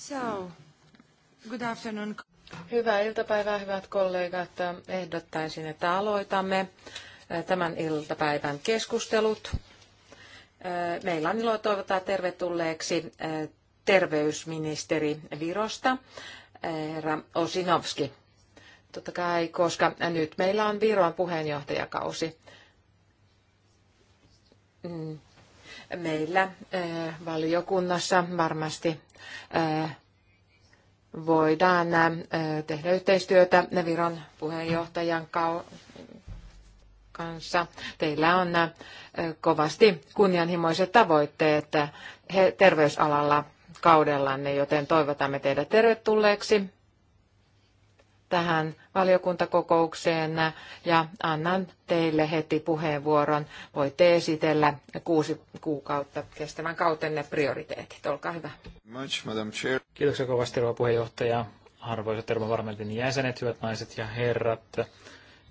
So, good afternoon. Hyvää iltapäivää, hyvät kollegat. Ehdottaisin, että aloitamme tämän iltapäivän keskustelut. Meillä on ilo toivottaa tervetulleeksi terveysministeri Virosta, herra Osinovski. Totta kai, koska nyt meillä on Viron puheenjohtajakausi. Mm. Meillä valiokunnassa varmasti voidaan tehdä yhteistyötä Viron puheenjohtajan kanssa. Teillä on kovasti kunnianhimoiset tavoitteet terveysalalla kaudellanne, joten toivotamme teidät tervetulleeksi tähän valiokuntakokoukseen ja annan teille heti puheenvuoron. Voitte esitellä kuusi kuukautta kestävän kautenne prioriteetit. Olkaa hyvä. Much, Chair. Kiitoksia kovasti, rouva puheenjohtaja. Arvoisat Euroopan jäsenet, hyvät naiset ja herrat.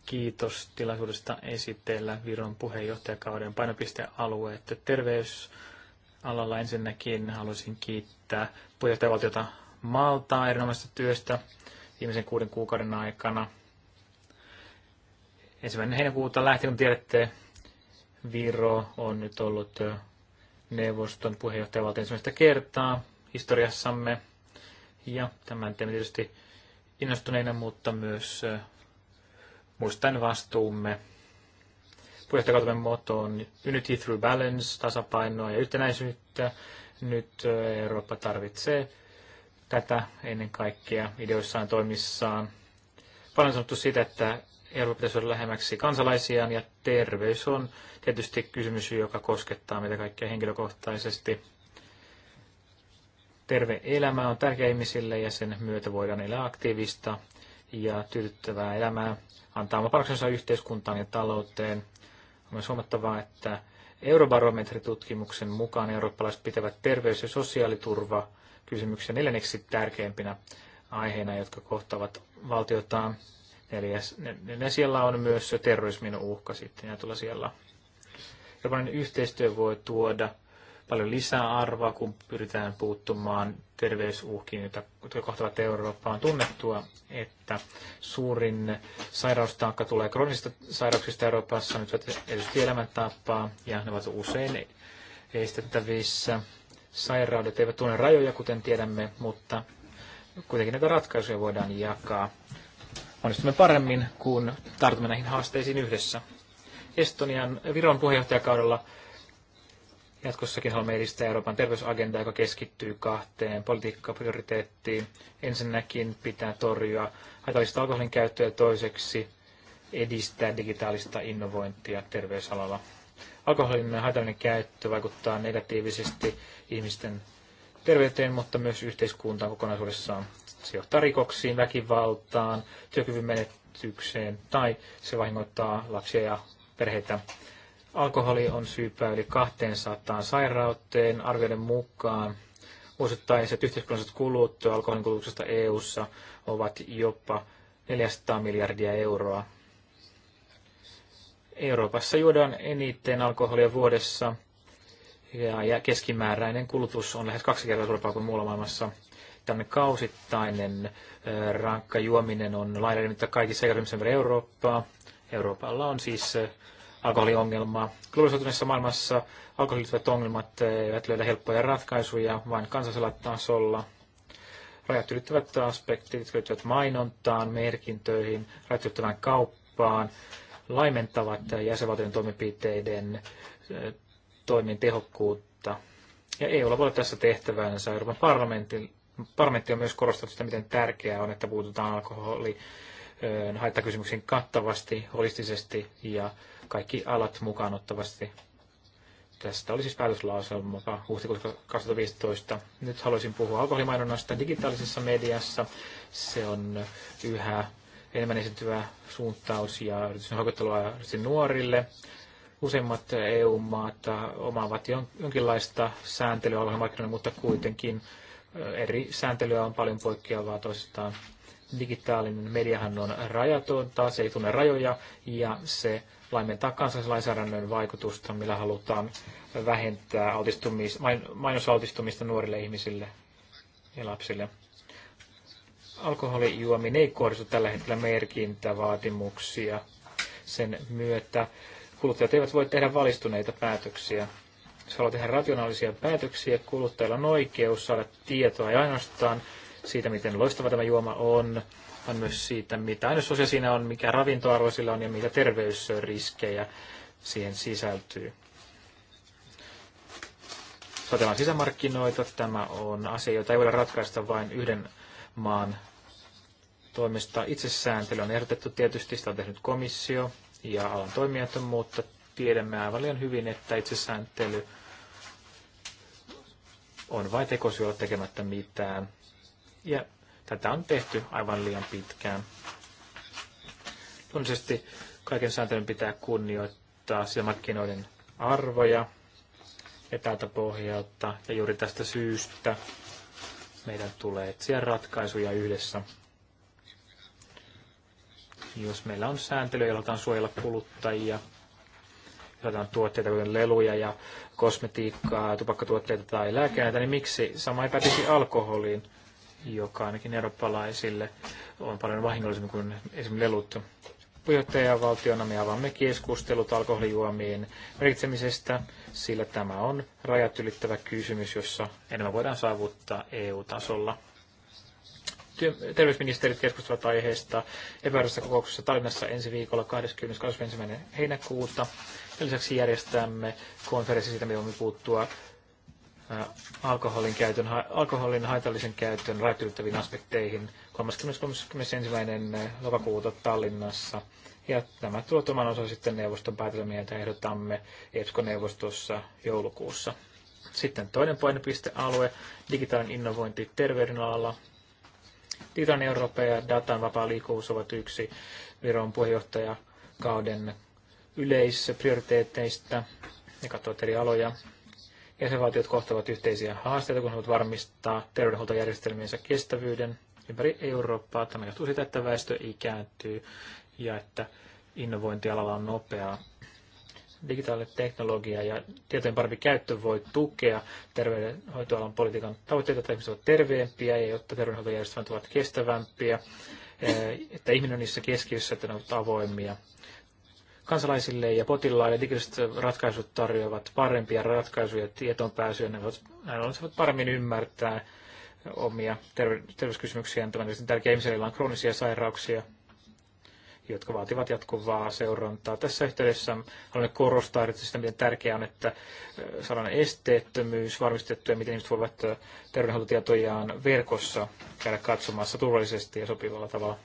Kiitos tilaisuudesta esitellä Viron puheenjohtajakauden painopistealueet terveysalalla. Ensinnäkin haluaisin kiittää puheenjohtajavaltiota Maltaa erinomaisesta työstä viimeisen kuuden kuukauden aikana. Ensimmäinen heinäkuuta lähti, kun tiedätte, Viro on nyt ollut neuvoston puheenjohtajavaltio ensimmäistä kertaa historiassamme. Ja tämän teemme tietysti innostuneina, mutta myös muistaen vastuumme. Puheenjohtajakautemme motto on Unity through balance, tasapainoa ja yhtenäisyyttä. Nyt Eurooppa tarvitsee tätä ennen kaikkea ideoissaan toimissaan. Paljon sanottu sitä, että Eurooppa pitäisi olla lähemmäksi kansalaisiaan ja terveys on tietysti kysymys, joka koskettaa meitä kaikkia henkilökohtaisesti. Terve elämä on tärkeä ihmisille ja sen myötä voidaan elää aktiivista ja tyydyttävää elämää, antaa oma paraksensa yhteiskuntaan ja talouteen. On myös huomattavaa, että Eurobarometritutkimuksen mukaan eurooppalaiset pitävät terveys- ja sosiaaliturva kysymyksiä neljänneksi tärkeimpinä aiheina, jotka kohtavat valtiotaan. Neljäs, ne, ne siellä on myös terrorismin uhka sitten ja tulla siellä. Jokainen yhteistyö voi tuoda paljon lisää arvoa, kun pyritään puuttumaan terveysuhkiin, jotka kohtavat Eurooppaa. On tunnettua, että suurin sairaustaakka tulee kronisista sairauksista Euroopassa, nyt erityisesti elämäntapaa, ja ne ovat usein estettävissä Sairaudet eivät tunne rajoja, kuten tiedämme, mutta kuitenkin näitä ratkaisuja voidaan jakaa. Onnistumme paremmin, kun tartumme näihin haasteisiin yhdessä. Estonian Viron puheenjohtajakaudella jatkossakin haluamme edistää Euroopan terveysagendaa, joka keskittyy kahteen politiikkaprioriteettiin. Ensinnäkin pitää torjua haitallista alkoholin käyttöä ja toiseksi edistää digitaalista innovointia terveysalalla. Alkoholin haitallinen käyttö vaikuttaa negatiivisesti ihmisten terveyteen, mutta myös yhteiskuntaan kokonaisuudessaan. Se johtaa rikoksiin, väkivaltaan, työkyvyn menetykseen tai se vahingoittaa lapsia ja perheitä. Alkoholi on syypää yli 200 sairauteen arvioiden mukaan. Vuosittaiset yhteiskunnalliset kulut alkoholin kulutuksesta EU:ssa ovat jopa 400 miljardia euroa. Euroopassa juodaan eniten alkoholia vuodessa – ja keskimääräinen kulutus on lähes kaksi kertaa suurempaa kuin muualla maailmassa. Tämmöinen kausittainen rankka juominen on laajalti mitä kaikissa eri ympäri Eurooppaa. Euroopalla on siis alkoholiongelma. Globalisoituneessa maailmassa alkoholiset ongelmat eivät löydä helppoja ratkaisuja, vaan kansallisella tasolla rajat ylittävät aspektit, jotka liittyvät mainontaan, merkintöihin, rajat kauppaan, laimentavat jäsenvaltion toimenpiteiden toimin tehokkuutta. Ja EUlla voi olla tässä tehtävänsä. Euroopan parlamentti, parlamentti on myös korostanut sitä, miten tärkeää on, että puututaan alkoholi haittakysymyksiin kattavasti, holistisesti ja kaikki alat mukaan ottavasti. Tästä oli siis päätöslauselma huhtikuussa 2015. Nyt haluaisin puhua alkoholimainonnasta digitaalisessa mediassa. Se on yhä enemmän esiintyvä suuntaus ja yritysten houkuttelua nuorille. Useimmat EU-maat omaavat jonkinlaista sääntelyä alhamarkkinoilla, mutta kuitenkin eri sääntelyä on paljon poikkeavaa toisistaan. Digitaalinen mediahan on rajatonta, se ei tunne rajoja ja se laimentaa kansalaislainsäädännön vaikutusta, millä halutaan vähentää altistumis, mainosaltistumista nuorille ihmisille ja lapsille. Alkoholijuominen ei kohdistu tällä hetkellä merkintävaatimuksia. Sen myötä kuluttajat eivät voi tehdä valistuneita päätöksiä. Jos haluaa tehdä rationaalisia päätöksiä, kuluttajilla on oikeus saada tietoa ja ainoastaan siitä, miten loistava tämä juoma on, vaan myös siitä, mitä ainesosia siinä on, mikä ravintoarvo sillä on ja mitä terveysriskejä siihen sisältyy. Sotellaan sisämarkkinoita. Tämä on asia, jota ei voida ratkaista vain yhden maan toimesta. Itsesääntely on ehdotettu tietysti, sitä on tehnyt komissio ja alan toimijattomuutta. Tiedämme aivan liian hyvin, että sääntely on vain tekosyö tekemättä mitään. Ja tätä on tehty aivan liian pitkään. Luonnollisesti kaiken sääntelyn pitää kunnioittaa markkinoiden arvoja ja tältä pohjalta. Ja juuri tästä syystä meidän tulee etsiä ratkaisuja yhdessä. Jos meillä on sääntely, jolla halutaan suojella kuluttajia, jotain tuotteita, kuten leluja ja kosmetiikkaa, tupakkatuotteita tai lääkkeitä, niin miksi sama ei pätisi alkoholiin, joka ainakin eurooppalaisille on paljon vahingollisempi kuin esimerkiksi lelut. Puheenjohtajavaltiona me avaamme keskustelut alkoholijuomien merkitsemisestä, sillä tämä on rajat ylittävä kysymys, jossa enemmän voidaan saavuttaa EU-tasolla terveysministerit keskustelevat aiheesta epävirallisessa kokouksessa Tallinnassa ensi viikolla 21. heinäkuuta. Ja lisäksi järjestämme konferenssi siitä, miten voimme puuttua alkoholin, käytön, alkoholin haitallisen käytön rajoittelyttäviin aspekteihin 31. lokakuuta Tallinnassa. Ja tämä tulee oman osa sitten neuvoston päätelmiä, joita ehdotamme esco neuvostossa joulukuussa. Sitten toinen painopistealue, digitaalinen innovointi terveydenalalla. Tiran Eurooppa ja datan vapaa liikkuvuus ovat yksi Viron puheenjohtajakauden yleisprioriteetteista. Ne katsovat eri aloja. Jäsenvaltiot kohtavat yhteisiä haasteita, kun haluavat varmistaa terveydenhuoltojärjestelmiensä kestävyyden ympäri Eurooppaa. Tämä johtuu siitä, että väestö ikääntyy ja että innovointialalla on nopeaa digitaalinen teknologia ja tietojen parempi käyttö voi tukea terveydenhoitoalan politiikan tavoitteita, että ihmiset ovat terveempiä ja jotta terveydenhoitojärjestelmät ovat kestävämpiä, eh, että ihminen on niissä keskiössä, että ne ovat avoimia. Kansalaisille ja potilaille digitaaliset ratkaisut tarjoavat parempia ratkaisuja tietoon pääsyä, ne voivat, näin ollen voivat paremmin ymmärtää omia terveyskysymyksiä, Tämä on tärkeä ihmisellä on kroonisia sairauksia, jotka vaativat jatkuvaa seurantaa. Tässä yhteydessä haluan korostaa erityisesti sitä, miten tärkeää on, että saadaan esteettömyys varmistettu ja miten ihmiset voivat terveydenhuoltotietojaan verkossa käydä katsomassa turvallisesti ja sopivalla tavalla.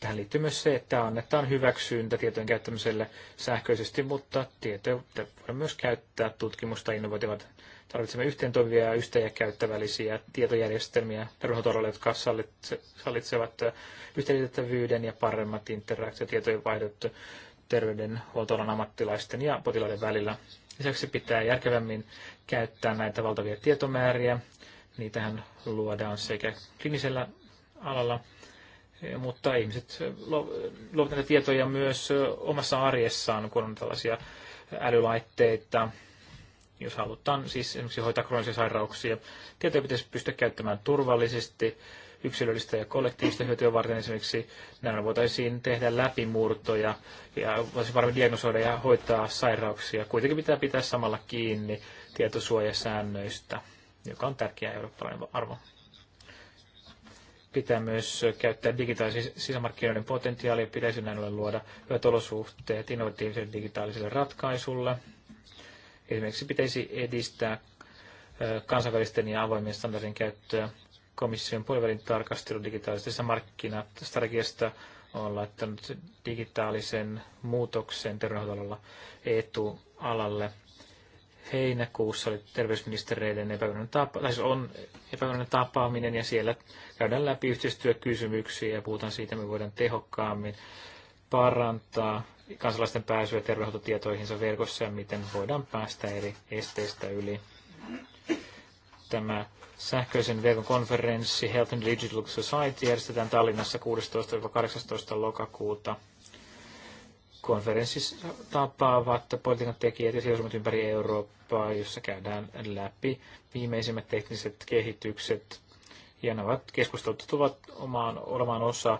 Tähän liittyy myös se, että annetaan hyväksyntä tietojen käyttämiselle sähköisesti, mutta tietoja voidaan myös käyttää tutkimusta innovoitivat Tarvitsemme yhteen toimivia ja yhteen käyttävällisiä tietojärjestelmiä terveydenhuoltoalalle, jotka sallitsevat yhteenliitettävyyden ja paremmat interaktiot vaihdot terveydenhuoltoalan ammattilaisten ja potilaiden välillä. Lisäksi pitää järkevämmin käyttää näitä valtavia tietomääriä. Niitähän luodaan sekä klinisellä alalla, eh, mutta ihmiset luovat näitä tietoja myös omassa arjessaan, kun on tällaisia älylaitteita, jos halutaan siis esimerkiksi hoitaa kroonisia sairauksia. Tietoja pitäisi pystyä käyttämään turvallisesti, yksilöllistä ja kollektiivista hyötyä varten esimerkiksi nämä voitaisiin tehdä läpimurtoja ja voisi varmaan diagnosoida ja hoitaa sairauksia. Kuitenkin pitää pitää samalla kiinni tietosuojasäännöistä, joka on tärkeä eurooppalainen arvo. Pitää myös käyttää digitaalisen sisämarkkinoiden potentiaalia, pitäisi näin ollen luoda hyvät olosuhteet innovatiiviselle digitaaliselle ratkaisulle – Esimerkiksi pitäisi edistää kansainvälisten ja avoimien standardien käyttöä komission puolivälin tarkastelu digitaalisesta markkinastrategiasta on laittanut digitaalisen muutoksen terveydenhuollolla etualalle. Heinäkuussa oli terveysministereiden epävirallinen tapa, siis on tapaaminen ja siellä käydään läpi yhteistyökysymyksiä ja puhutaan siitä, me voidaan tehokkaammin parantaa kansalaisten pääsyä terveydenhuoltotietoihinsa verkossa ja miten voidaan päästä eri esteistä yli. Tämä sähköisen verkon konferenssi Health and Digital Society järjestetään Tallinnassa 16-18 lokakuuta. Konferenssissa tapaavat politiikan tekijät ja sidosryhmät ympäri Eurooppaa, jossa käydään läpi viimeisimmät tekniset kehitykset. Ja nämä keskustelut tulevat omaan, olemaan osa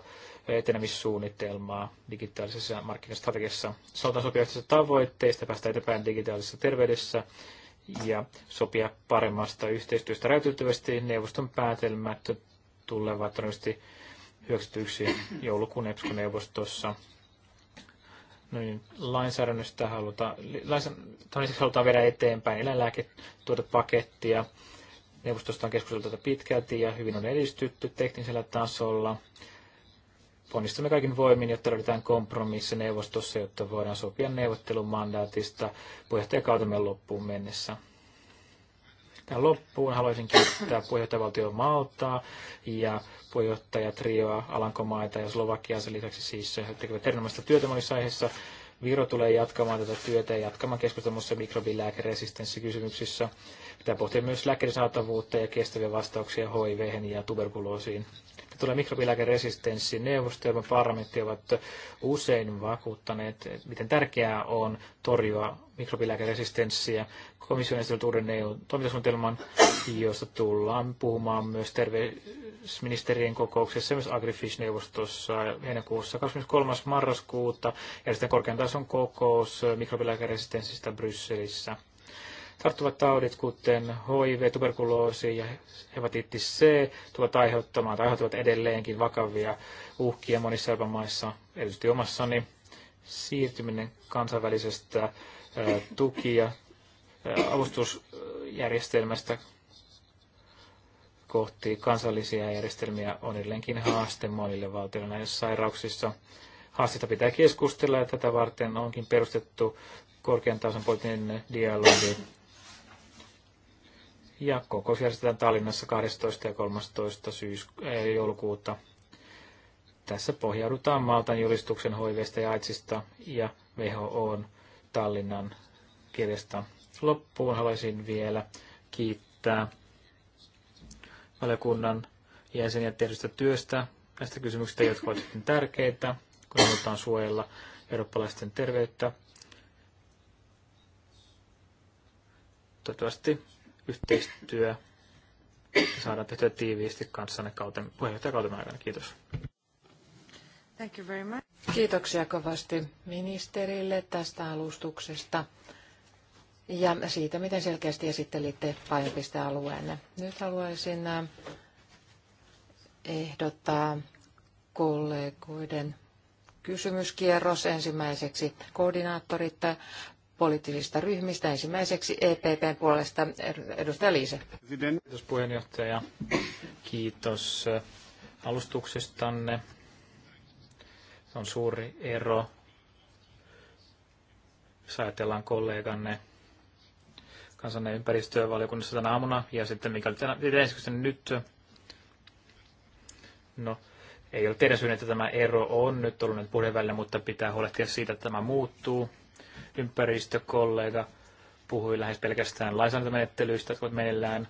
etenemissuunnitelmaa digitaalisessa markkinastrategiassa. Saadaan sopia yhteisistä tavoitteista, päästä eteenpäin digitaalisessa terveydessä ja sopia paremmasta yhteistyöstä räätyyttävästi. Neuvoston päätelmät tulevat todennäköisesti hyväksytyksi joulukuun EPSCO-neuvostossa. No niin, lainsäädännöstä halutaan, lainsä, siis halutaan viedä eteenpäin eläinlääketuotepakettia. Neuvostosta on keskusteltu pitkälti ja hyvin on edistytty teknisellä tasolla ponnistamme kaikin voimin, jotta löydetään kompromissi neuvostossa, jotta voidaan sopia neuvottelumandaatista puheenjohtajakautemme loppuun mennessä. Tähän loppuun haluaisin kiittää puheenjohtajavaltio Maltaa ja puheenjohtaja Trioa, Alankomaita ja Slovakia sen lisäksi siis he tekevät erinomaista työtä monissa aiheissa. Viro tulee jatkamaan tätä työtä ja jatkamaan keskustelussa mikrobilääkeresistenssikysymyksissä. Pitää pohtia myös lääkkeiden saatavuutta ja kestäviä vastauksia hiv ja tuberkuloosiin tulee mikrobilääkeresistenssiin, neuvosto ja parlamentti ovat usein vakuuttaneet, miten tärkeää on torjua mikrobilääkeresistenssiä. Komission esitellyt uuden EU-toimintasuunnitelman, josta tullaan puhumaan myös terveysministerien kokouksessa, myös Agrifish-neuvostossa heinäkuussa 23. marraskuuta, ja sitten korkean tason kokous mikrobilääkeresistenssistä Brysselissä Tarttuvat taudit, kuten HIV, tuberkuloosi ja hepatiittis C, tulevat aiheuttamaan tai aiheuttavat edelleenkin vakavia uhkia monissa Euroopan maissa, erityisesti omassani. Siirtyminen kansainvälisestä tuki- ja avustusjärjestelmästä kohti kansallisia järjestelmiä on edelleenkin haaste monille valtioille näissä sairauksissa. Haasteita pitää keskustella ja tätä varten onkin perustettu korkean tason poliittinen dialogi ja kokous järjestetään Tallinnassa 12. ja 13. Syys- eh, joulukuuta. Tässä pohjaudutaan Maltan julistuksen hoiveista ja aitsista ja WHOn Tallinnan kirjasta. Loppuun haluaisin vielä kiittää valiokunnan jäseniä tehdystä työstä näistä kysymyksistä, jotka ovat sitten tärkeitä, kun halutaan suojella eurooppalaisten terveyttä. Toivottavasti yhteistyö saadaan tehtyä tiiviisti kanssanne kauten, puheenjohtajakauten aikana. Kiitos. Thank you very much. Kiitoksia kovasti ministerille tästä alustuksesta ja siitä, miten selkeästi esittelitte painopistealueenne. Nyt haluaisin äh, ehdottaa kollegoiden kysymyskierros ensimmäiseksi. Koordinaattorit poliittisista ryhmistä. Ensimmäiseksi EPPn puolesta edustaja Liise. Kiitos puheenjohtaja. Kiitos alustuksestanne. Se on suuri ero. Jos ajatellaan kolleganne kansanne ympäristövaliokunnassa tänä aamuna ja sitten mikä oli tänä, niin nyt. No, ei ole teidän syyn, että tämä ero on nyt ollut nyt puheen välillä, mutta pitää huolehtia siitä, että tämä muuttuu ympäristökollega puhui lähes pelkästään lainsäädäntömenettelyistä, jotka ovat meneillään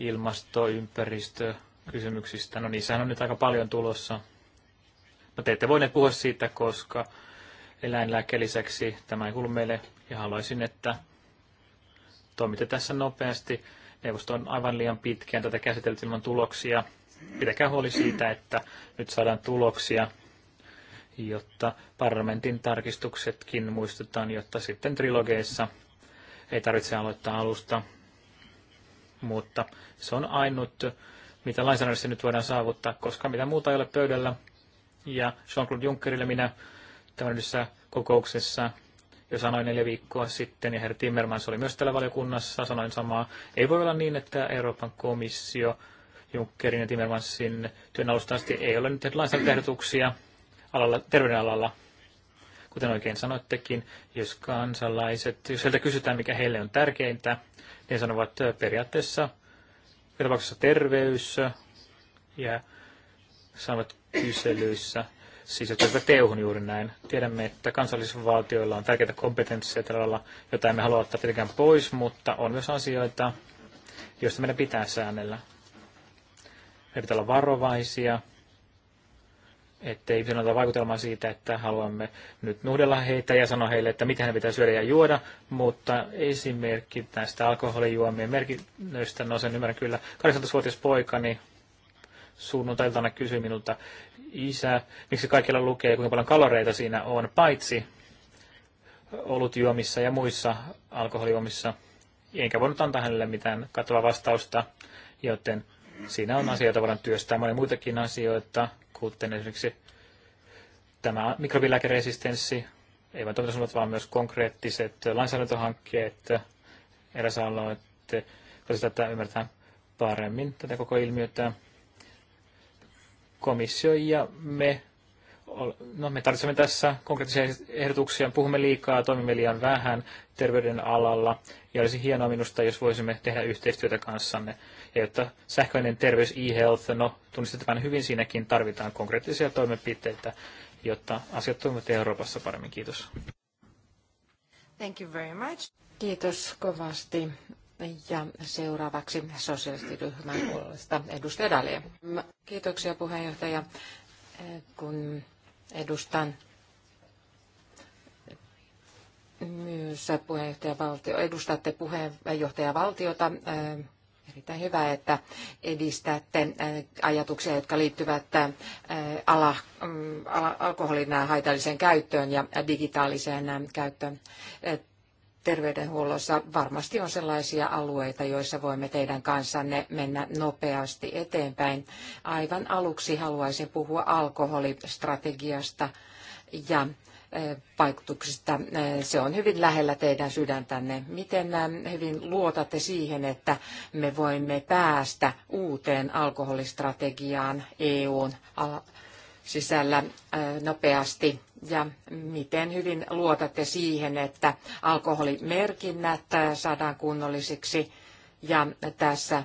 ilmasto, ympäristö, kysymyksistä. No niissähän on nyt aika paljon tulossa. No te ette voineet puhua siitä, koska eläinlääke lisäksi tämä ei kuulu meille ja haluaisin, että toimitte tässä nopeasti. Neuvosto on aivan liian pitkään tätä käsitelty ilman tuloksia. Pitäkää huoli siitä, että nyt saadaan tuloksia jotta parlamentin tarkistuksetkin muistetaan, jotta sitten trilogeissa ei tarvitse aloittaa alusta. Mutta se on ainut, mitä lainsäädännössä nyt voidaan saavuttaa, koska mitä muuta ei ole pöydällä. Ja Jean-Claude Junckerille minä tämmöisessä kokouksessa jo sanoin neljä viikkoa sitten, ja Herr Timmermans oli myös täällä valiokunnassa, sanoin samaa. Ei voi olla niin, että Euroopan komissio Junckerin ja Timmermansin työn alusta asti ei ole nyt lainsäädäntöehdotuksia, alalla, terveydenalalla, kuten oikein sanoittekin, jos kansalaiset, jos heiltä kysytään, mikä heille on tärkeintä, niin sanovat periaatteessa tapauksessa terveys ja sanovat kyselyissä, siis jotka teuhun juuri näin. Tiedämme, että kansallisilla valtioilla on tärkeitä kompetensseja tällä alalla, jota emme halua ottaa tietenkään pois, mutta on myös asioita, joista meidän pitää säännellä. Meidän pitää olla varovaisia, ettei ihmisen ota vaikutelmaa siitä, että haluamme nyt nuhdella heitä ja sanoa heille, että mitä he pitää syödä ja juoda, mutta esimerkki näistä alkoholijuomien merkinnöistä, no sen ymmärrän kyllä, 18-vuotias niin suunnuntailtana kysyi minulta, isä, miksi kaikilla lukee, kuinka paljon kaloreita siinä on, paitsi olutjuomissa ja muissa alkoholijuomissa. Enkä voinut antaa hänelle mitään kattavaa vastausta, joten Siinä on asioita, voidaan työstää monia muitakin asioita, kuten esimerkiksi tämä mikrobilääkeresistenssi, ei vain toimintasuunnat, vaan myös konkreettiset lainsäädäntöhankkeet, eräs aloitte, koska tätä ymmärtää paremmin tätä koko ilmiötä. Komissio ja me, no me tarvitsemme tässä konkreettisia ehdotuksia, puhumme liikaa, toimimme liian vähän terveyden alalla, ja olisi hienoa minusta, jos voisimme tehdä yhteistyötä kanssanne että sähköinen terveys e-health, no tunnistetaan hyvin, siinäkin tarvitaan konkreettisia toimenpiteitä, jotta asiat toimivat Euroopassa paremmin. Kiitos. Thank you very much. Kiitos kovasti. Ja seuraavaksi sosiaalistiryhmän puolesta edustaja Dalia. Kiitoksia puheenjohtaja, kun edustan myös valtio, edustatte puheenjohtajavaltiota Erittäin hyvä, että edistätte äh, ajatuksia, jotka liittyvät äh, mm, ala, alkoholin äh, haitalliseen käyttöön ja digitaaliseen käyttöön terveydenhuollossa varmasti on sellaisia alueita, joissa voimme teidän kanssanne mennä nopeasti eteenpäin. Aivan aluksi haluaisin puhua alkoholistrategiasta ja Eh, vaikutuksista. Eh, se on hyvin lähellä teidän sydäntänne. Miten eh, hyvin luotatte siihen, että me voimme päästä uuteen alkoholistrategiaan EUn sisällä nopeasti? Ja miten hyvin luotatte siihen, että alkoholimerkinnät saadaan kunnollisiksi? Ja tässä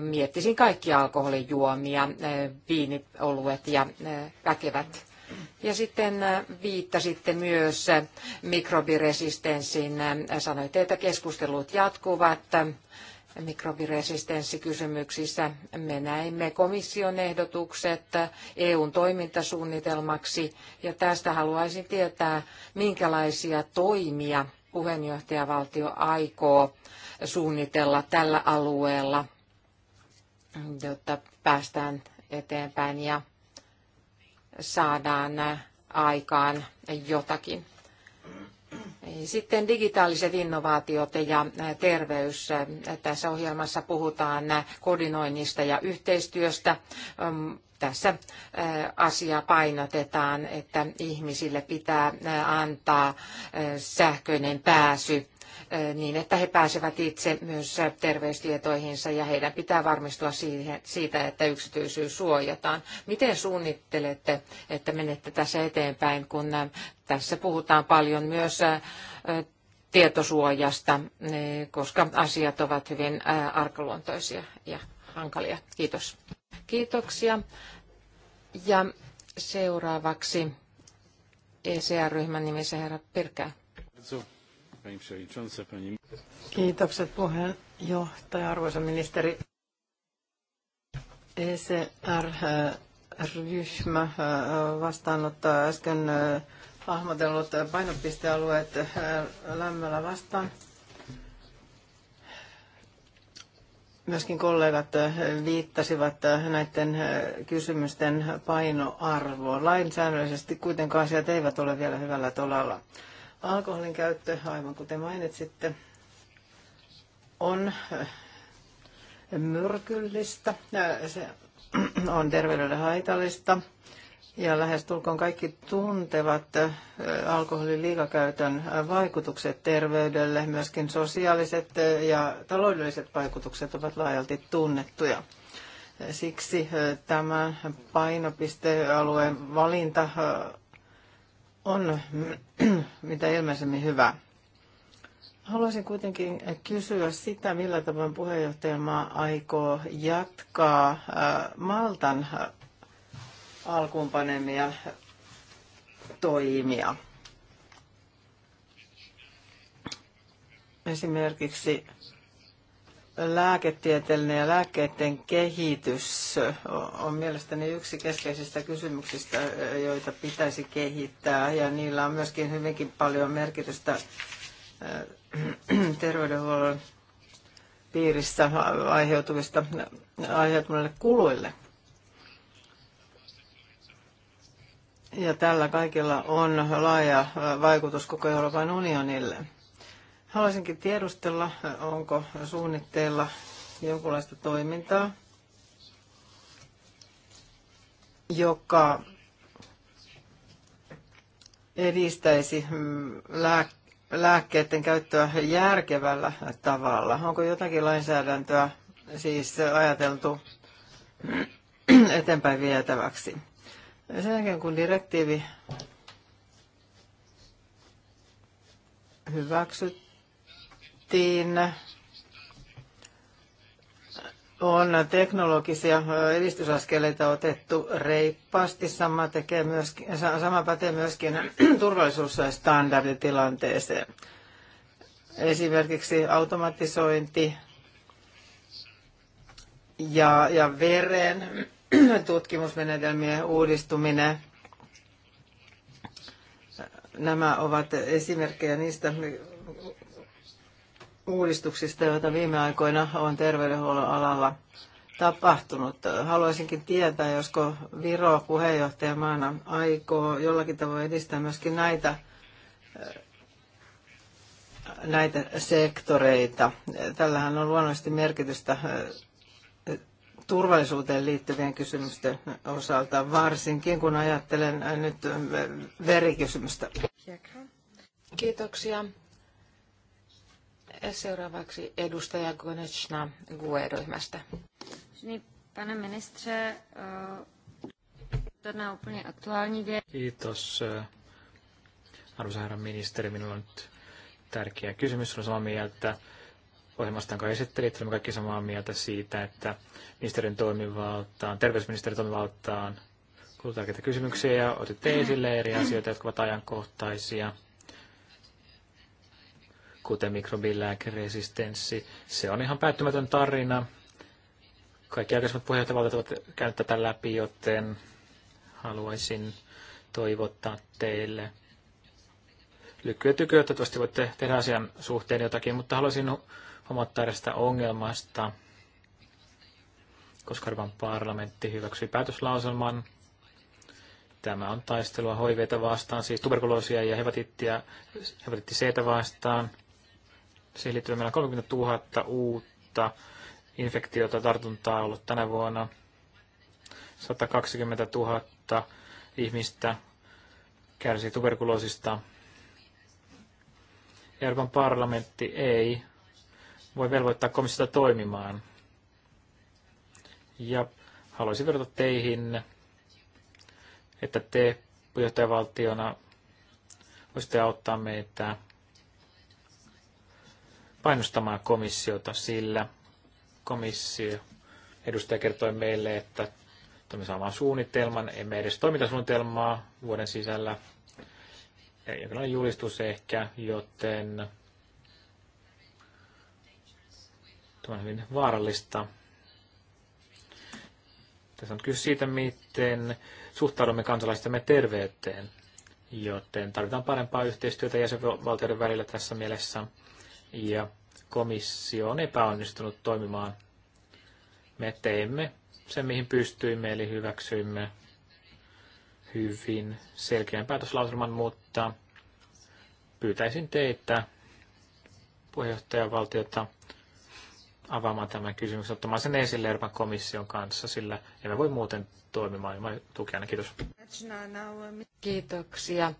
miettisin kaikkia alkoholijuomia, viinit, oluet ja väkevät ja sitten äh, viittasitte myös äh, mikrobiresistenssin. Äh, sanoitte, että keskustelut jatkuvat mikrobiresistenssikysymyksissä. Me näimme komission ehdotukset EUn toimintasuunnitelmaksi ja tästä haluaisin tietää, minkälaisia toimia puheenjohtajavaltio aikoo suunnitella tällä alueella, jotta päästään eteenpäin ja saadaan aikaan jotakin. Sitten digitaaliset innovaatiot ja terveys. Tässä ohjelmassa puhutaan koordinoinnista ja yhteistyöstä. Tässä asia painotetaan, että ihmisille pitää antaa sähköinen pääsy Eh, niin, että he pääsevät itse myös terveystietoihinsa ja heidän pitää varmistua siitä, että yksityisyys suojataan. Miten suunnittelette, että menette tässä eteenpäin, kun eh, tässä puhutaan paljon myös eh, tietosuojasta, koska asiat ovat hyvin arkaluontoisia ja hankalia. Kiitos. Kiitoksia. Ja seuraavaksi ECR-ryhmän nimissä herra Pirkää. Kiitokset puheenjohtaja, arvoisa ministeri. ECR-ryhmä e, vastaanottaa e, äsken e, hahmotellut painopistealueet lämmöllä vastaan. Myöskin kollegat viittasivat näiden kysymysten painoarvoon. Lainsäädännöllisesti kuitenkaan asiat eivät ole vielä hyvällä tolalla. Alkoholin käyttö, aivan kuten mainitsitte, on äh, myrkyllistä, se on terveydelle haitallista ja lähestulkoon kaikki tuntevat äh, alkoholin liikakäytön vaikutukset terveydelle. Myöskin sosiaaliset äh, ja taloudelliset vaikutukset ovat laajalti tunnettuja. Siksi tämä painopistealueen valinta on mitä ilmeisemmin hyvä. Haluaisin kuitenkin kysyä sitä, millä tavoin puheenjohtajamaa aikoo jatkaa äh, Maltan äh, alkuunpanemia toimia. Esimerkiksi lääketieteellinen ja lääkkeiden kehitys on mielestäni yksi keskeisistä kysymyksistä, joita pitäisi kehittää. Ja niillä on myöskin hyvinkin paljon merkitystä äh, terveydenhuollon piirissä aiheutuvista aiheutuneille kuluille. Ja tällä kaikilla on laaja vaikutus koko Euroopan unionille. Haluaisinkin tiedustella, onko suunnitteilla jonkinlaista toimintaa, joka edistäisi mm, lääkkeiden käyttöä järkevällä tavalla. Onko jotakin lainsäädäntöä siis ajateltu eteenpäin vietäväksi? Sen jälkeen kun direktiivi hyväksyt, budjettiin on teknologisia edistysaskeleita otettu reippaasti. Sama, tekee myöskin, sama pätee myöskin turvallisuusstandarditilanteeseen. Esimerkiksi automatisointi ja, ja veren tutkimusmenetelmien uudistuminen. Nämä ovat esimerkkejä niistä uudistuksista, joita viime aikoina on terveydenhuollon alalla tapahtunut. Haluaisinkin tietää, josko Viro puheenjohtajamaana aikoo jollakin tavoin edistää myöskin näitä, näitä sektoreita. Tällähän on luonnollisesti merkitystä turvallisuuteen liittyvien kysymysten osalta, varsinkin kun ajattelen nyt verikysymystä. Kiitoksia. Seuraavaksi edustaja Konechna GUE-ryhmästä. Pane ministře, eh, tänään úplně aktuální Kiitos. Arvoisa herra ministeri, minulla on nyt tärkeä kysymys. Olen samaa mieltä ohjelmasta, jonka esittelit. Olemme kaikki samaa mieltä siitä, että ministerin toimivaltaan, terveysministerin toimivaltaan kuuluu tärkeitä kysymyksiä ja otitte esille eri asioita, jotka ovat ajankohtaisia kuten mikrobilääkeresistenssi. Se on ihan päättymätön tarina. Kaikki aikaisemmat puheenjohtajavaltiot ovat käyneet tätä läpi, joten haluaisin toivottaa teille lykkyä tykyä. Toivottavasti voitte tehdä asian suhteen jotakin, mutta haluaisin huomauttaa tästä ongelmasta, koska Arvan parlamentti hyväksyi päätöslauselman. Tämä on taistelua hoiveita vastaan, siis tuberkuloosia ja hepatiittia, hepatiitti C vastaan – Siihen liittyy meillä on 30 000 uutta infektiota tartuntaa ollut tänä vuonna. 120 000 ihmistä kärsii tuberkuloosista. Euroopan parlamentti ei voi velvoittaa komissiota toimimaan. Ja haluaisin vedota teihin, että te puheenjohtajavaltiona voisitte auttaa meitä painostamaan komissiota, sillä komissio edustaja kertoi meille, että tulemme saamaan suunnitelman, emme edes toimintasuunnitelmaa vuoden sisällä, jonkinlainen julistus ehkä, joten tämä on hyvin vaarallista. Tässä on kyse siitä, miten suhtaudumme kansalaistemme terveyteen, joten tarvitaan parempaa yhteistyötä jäsenvaltioiden välillä tässä mielessä ja komissio on epäonnistunut toimimaan. Me teimme sen, mihin pystyimme, eli hyväksyimme hyvin selkeän päätöslauselman, mutta pyytäisin teitä puheenjohtajavaltiota avaamaan tämän kysymyksen, ottamaan sen esille Euroopan komission kanssa, sillä emme voi muuten toimimaan ilman tukea. Kiitos. Kiitoksia.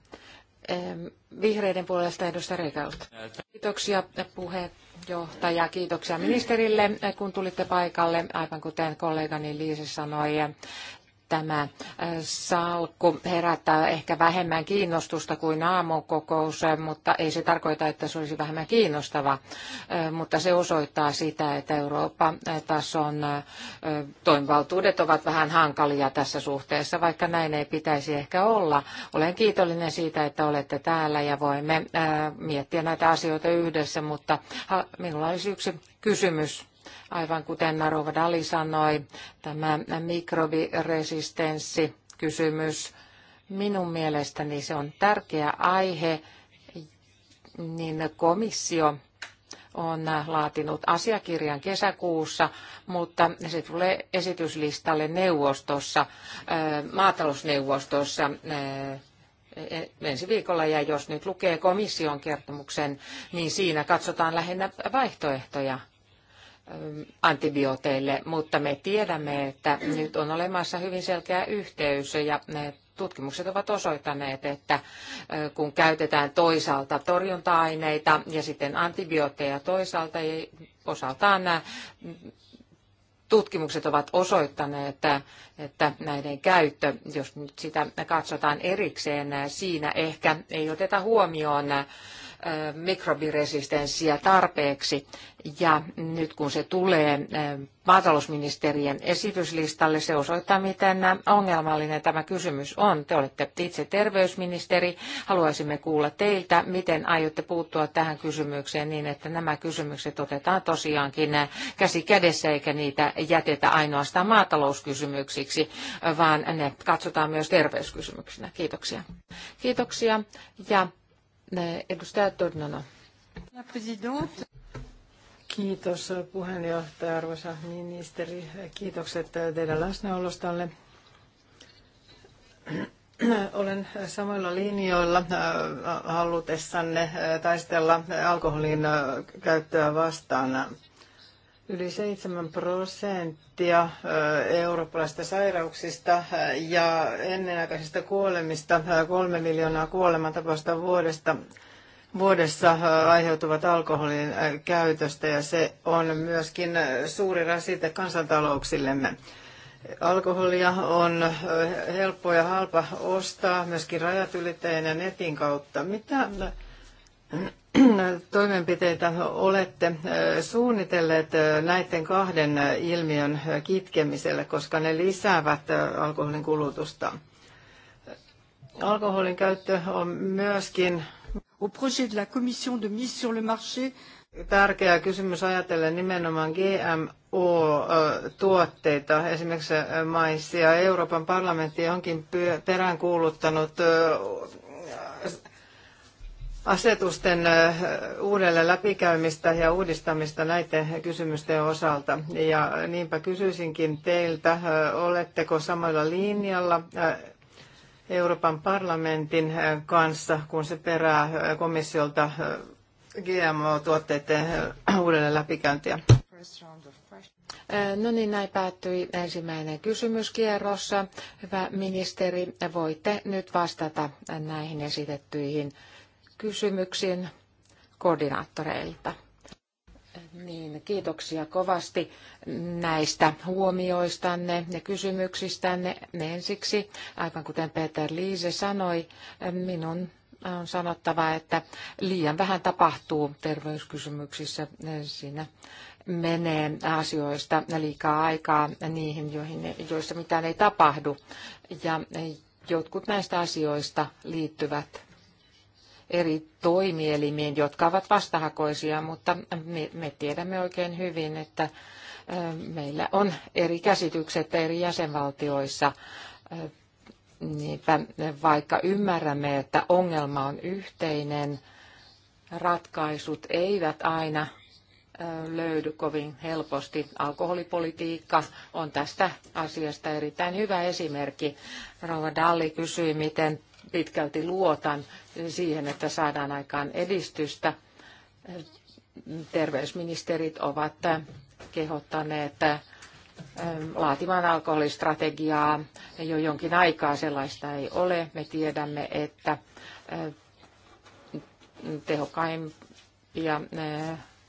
Vihreiden puolesta edustaja Reikaut. Kiitoksia puheenjohtaja, kiitoksia ministerille, kun tulitte paikalle. Aivan kuten kollegani Liisi sanoi, tämä äh, salkku herättää ehkä vähemmän kiinnostusta kuin aamukokous, äh, mutta ei se tarkoita, että se olisi vähemmän kiinnostava, äh, mutta se osoittaa sitä, että Euroopan tason toimivaltuudet ovat vähän hankalia tässä suhteessa, vaikka näin ei pitäisi ehkä olla. Olen kiitollinen siitä, että olette täällä ja voimme miettiä näitä asioita yhdessä, mutta minulla olisi yksi kysymys Aivan kuten Rova Dali sanoi, tämä mikrobiresistenssi kysymys, minun mielestäni se on tärkeä aihe, niin komissio on laatinut asiakirjan kesäkuussa, mutta se tulee esityslistalle neuvostossa, maatalousneuvostossa ensi viikolla, ja jos nyt lukee komission kertomuksen, niin siinä katsotaan lähinnä vaihtoehtoja Ähm, antibiooteille, mutta me tiedämme, että nyt on olemassa hyvin selkeä yhteys ja ne tutkimukset ovat osoittaneet, että äh, kun käytetään toisaalta torjunta-aineita ja sitten antibiootteja toisaalta, ja osaltaan nämä äh, tutkimukset ovat osoittaneet, että, äh, että näiden käyttö, jos nyt sitä katsotaan erikseen, siinä ehkä ei oteta huomioon mikrobiresistenssiä tarpeeksi. Ja nyt kun se tulee maatalousministerien esityslistalle, se osoittaa, miten ongelmallinen tämä kysymys on. Te olette itse terveysministeri. Haluaisimme kuulla teiltä, miten aiotte puuttua tähän kysymykseen niin, että nämä kysymykset otetaan tosiaankin käsi kädessä, eikä niitä jätetä ainoastaan maatalouskysymyksiksi, vaan ne katsotaan myös terveyskysymyksinä. Kiitoksia. Kiitoksia. Ja Edustaja Tornano. Kiitos puheenjohtaja, arvoisa ministeri. Kiitokset teidän läsnäolostanne. Olen samoilla linjoilla äh, halutessanne äh, taistella alkoholin äh, käyttöä vastaan. Yli 7 prosenttia eurooppalaisista sairauksista ja ennenaikaisista kuolemista, kolme miljoonaa kuolemantapausta vuodesta, vuodessa aiheutuvat alkoholin käytöstä ja se on myöskin suuri rasite kansantalouksillemme. Alkoholia on helppo ja halpa ostaa myöskin rajat ja netin kautta. Mitä toimenpiteitä olette suunnitelleet näiden kahden ilmiön kitkemiselle, koska ne lisäävät alkoholin kulutusta? Alkoholin käyttö on myöskin au projet de la commission de mise sur le marché tärkeä kysymys ajatellen nimenomaan GMO-tuotteita, esimerkiksi maissia. Euroopan parlamentti onkin peräänkuuluttanut asetusten uudelle läpikäymistä ja uudistamista näiden kysymysten osalta. Ja niinpä kysyisinkin teiltä, oletteko samalla linjalla Euroopan parlamentin kanssa, kun se perää komissiolta GMO-tuotteiden uudelle läpikäyntiä? No niin, näin päättyi ensimmäinen kysymyskierros. Hyvä ministeri, voitte nyt vastata näihin esitettyihin kysymyksiin kysymyksiin koordinaattoreilta. Niin, kiitoksia kovasti näistä huomioistanne ja kysymyksistänne. Ensiksi, aivan kuten Peter Liise sanoi, minun on sanottava, että liian vähän tapahtuu terveyskysymyksissä. Siinä menee asioista liikaa aikaa niihin, joihin, joissa mitään ei tapahdu. Ja jotkut näistä asioista liittyvät eri toimielimiin, jotka ovat vastahakoisia, mutta me, me tiedämme oikein hyvin, että meillä on eri käsitykset eri jäsenvaltioissa. Niinpä vaikka ymmärrämme, että ongelma on yhteinen, ratkaisut eivät aina löydy kovin helposti. Alkoholipolitiikka on tästä asiasta erittäin hyvä esimerkki. Rova Dalli kysyi, miten pitkälti luotan siihen, että saadaan aikaan edistystä. Terveysministerit ovat kehottaneet laatimaan alkoholistrategiaa. Jo jonkin aikaa sellaista ei ole. Me tiedämme, että tehokkaimpia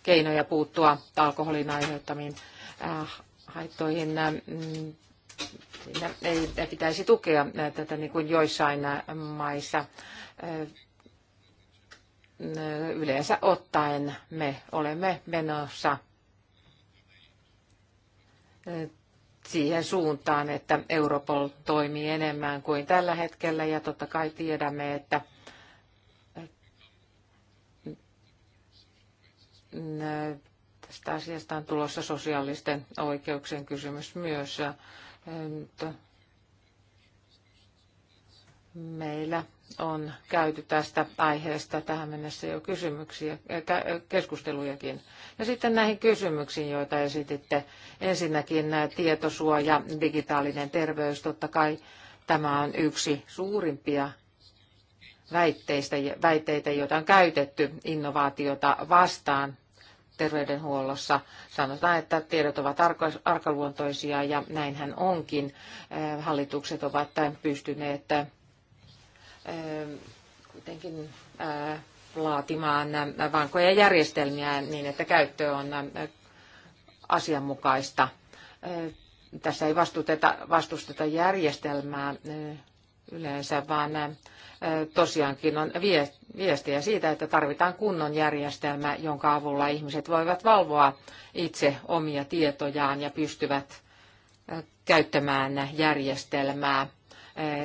keinoja puuttua alkoholin aiheuttamiin äh, haittoihin Siinä ei pitäisi tukea tätä niin kuin joissain maissa. Yleensä ottaen me olemme menossa siihen suuntaan, että Europol toimii enemmän kuin tällä hetkellä ja totta kai tiedämme, että tästä asiasta on tulossa sosiaalisten oikeuksien kysymys myös. Nyt meillä on käyty tästä aiheesta tähän mennessä jo kysymyksiä, keskustelujakin. ja sitten näihin kysymyksiin, joita esititte. Ensinnäkin tietosuoja, digitaalinen terveys, totta kai tämä on yksi suurimpia väitteistä, väitteitä, joita on käytetty innovaatiota vastaan terveydenhuollossa sanotaan, että tiedot ovat arkaluontoisia ja näinhän onkin. Äh, hallitukset ovat pystyneet äh, kuitenkin äh, laatimaan vankoja järjestelmiä niin, että käyttö on asianmukaista. Tässä ei vastusteta, vastusteta järjestelmää yleensä, vaan tosiaankin on viestiä siitä, että tarvitaan kunnon järjestelmä, jonka avulla ihmiset voivat valvoa itse omia tietojaan ja pystyvät käyttämään järjestelmää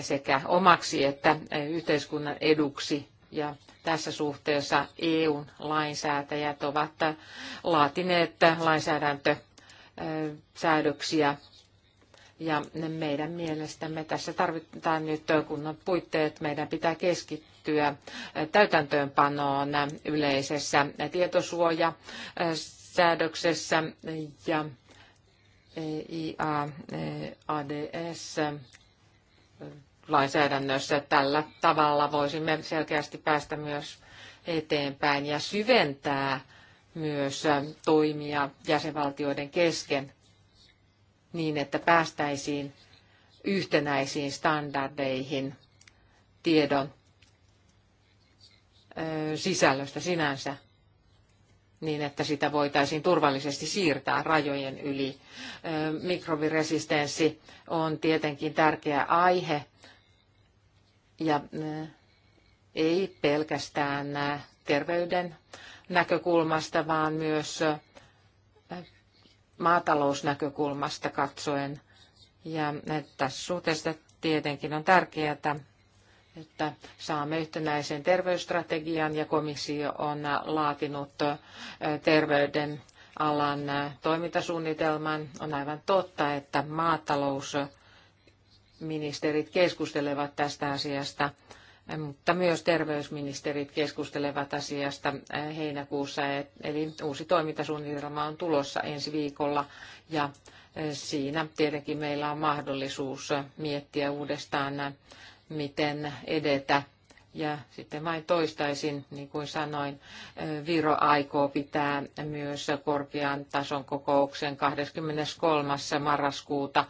sekä omaksi että yhteiskunnan eduksi. Ja tässä suhteessa EUn lainsäätäjät ovat laatineet lainsäädäntösäädöksiä ja meidän mielestämme tässä tarvitaan nyt kunnon puitteet. Meidän pitää keskittyä täytäntöönpanoon yleisessä tietosuojasäädöksessä ja e IADS lainsäädännössä. Tällä tavalla voisimme selkeästi päästä myös eteenpäin ja syventää myös toimia jäsenvaltioiden kesken niin, että päästäisiin yhtenäisiin standardeihin tiedon sisällöstä sinänsä, niin että sitä voitaisiin turvallisesti siirtää rajojen yli. Mikrobiresistenssi on tietenkin tärkeä aihe ja ei pelkästään terveyden näkökulmasta, vaan myös maatalousnäkökulmasta katsoen. Ja tässä suhteessa tietenkin on tärkeää, että saamme yhtenäisen terveysstrategian ja komissio on laatinut terveyden alan toimintasuunnitelman. On aivan totta, että maatalousministerit keskustelevat tästä asiasta mutta myös terveysministerit keskustelevat asiasta heinäkuussa, e, eli uusi toimintasuunnitelma on tulossa ensi viikolla ja siinä tietenkin meillä on mahdollisuus miettiä uudestaan, miten edetä. Ja sitten vain toistaisin, niin kuin sanoin, Viro aikoo pitää myös korkean tason kokouksen 23. marraskuuta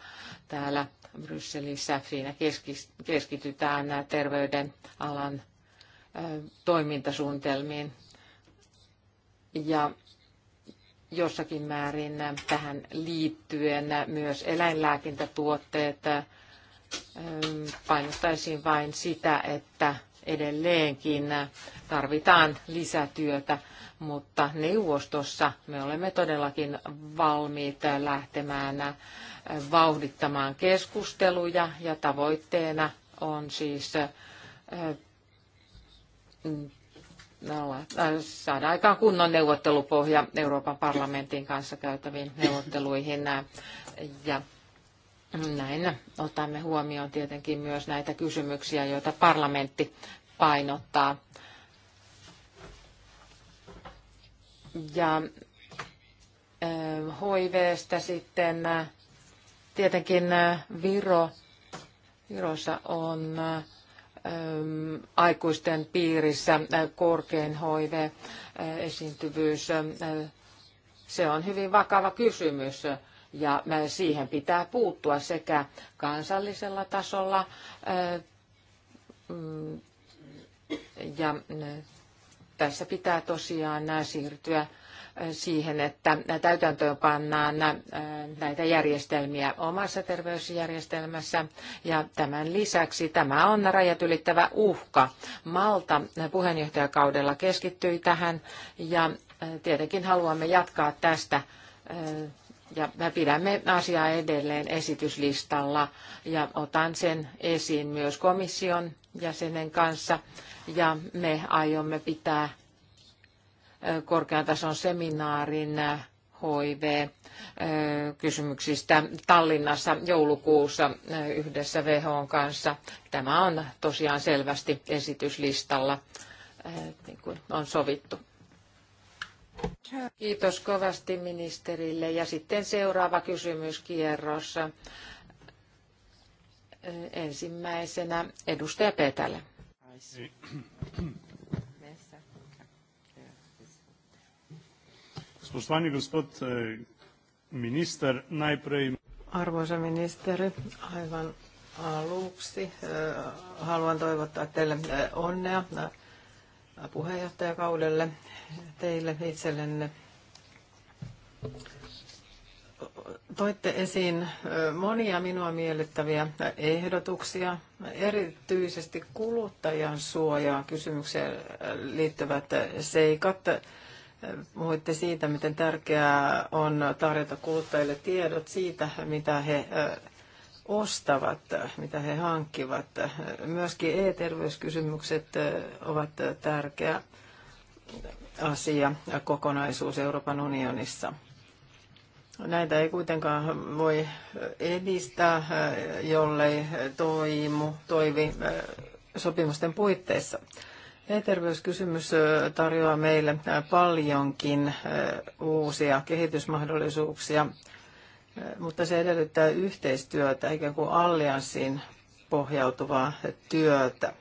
täällä Brysselissä. Siinä keskitytään terveydenalan toimintasuunnitelmiin. Ja jossakin määrin tähän liittyen myös eläinlääkintätuotteet painottaisin vain sitä, että edelleenkin tarvitaan lisätyötä, mutta neuvostossa me olemme todellakin valmiit lähtemään vauhdittamaan keskusteluja ja tavoitteena on siis mm, saada aikaan kunnon neuvottelupohja Euroopan parlamentin kanssa käytäviin neuvotteluihin. Ja näin otamme huomioon tietenkin myös näitä kysymyksiä, joita parlamentti painottaa. Ja hoiveesta sitten Tietenkin äh, Viro, Virossa on äh, aikuisten piirissä äh, korkein hoive esiintyvyys Se on hyvin vakava kysymys ja siihen pitää puuttua sekä kansallisella tasolla mm, ja tässä pitää tosiaan siirtyä äh, siihen, että täytäntöön pannaan äh, näitä järjestelmiä omassa terveysjärjestelmässä. Ja tämän lisäksi tämä on rajat ylittävä uhka. Malta puheenjohtajakaudella keskittyi tähän ja äh, tietenkin haluamme jatkaa tästä ja me pidämme asiaa edelleen esityslistalla ja otan sen esiin myös komission jäsenen kanssa ja me aiomme pitää korkean tason seminaarin HIV-kysymyksistä Tallinnassa joulukuussa yhdessä WHOn kanssa. Tämä on tosiaan selvästi esityslistalla, niin kuin on sovittu. Kiitos kovasti ministerille. Ja sitten seuraava kysymyskierros. Ensimmäisenä edustaja Petälä. Spoštovani gospod e, minister, najprej... Arvoisa ministeri, aivan aluksi e, haluan toivottaa teille e, onnea puheenjohtajakaudelle, teille itsellenne toitte esiin monia minua miellyttäviä ehdotuksia, erityisesti kuluttajan suojaan kysymykseen liittyvät seikat. Puhuitte siitä, miten tärkeää on tarjota kuluttajille tiedot siitä, mitä he ostavat, mitä he hankkivat. Myöskin e-terveyskysymykset ovat tärkeä asia kokonaisuus Euroopan unionissa. Näitä ei kuitenkaan voi edistää, jollei toimu, toivi sopimusten puitteissa. E-terveyskysymys tarjoaa meille paljonkin uusia kehitysmahdollisuuksia, mutta se edellyttää yhteistyötä, ikään kuin allianssiin pohjautuvaa työtä.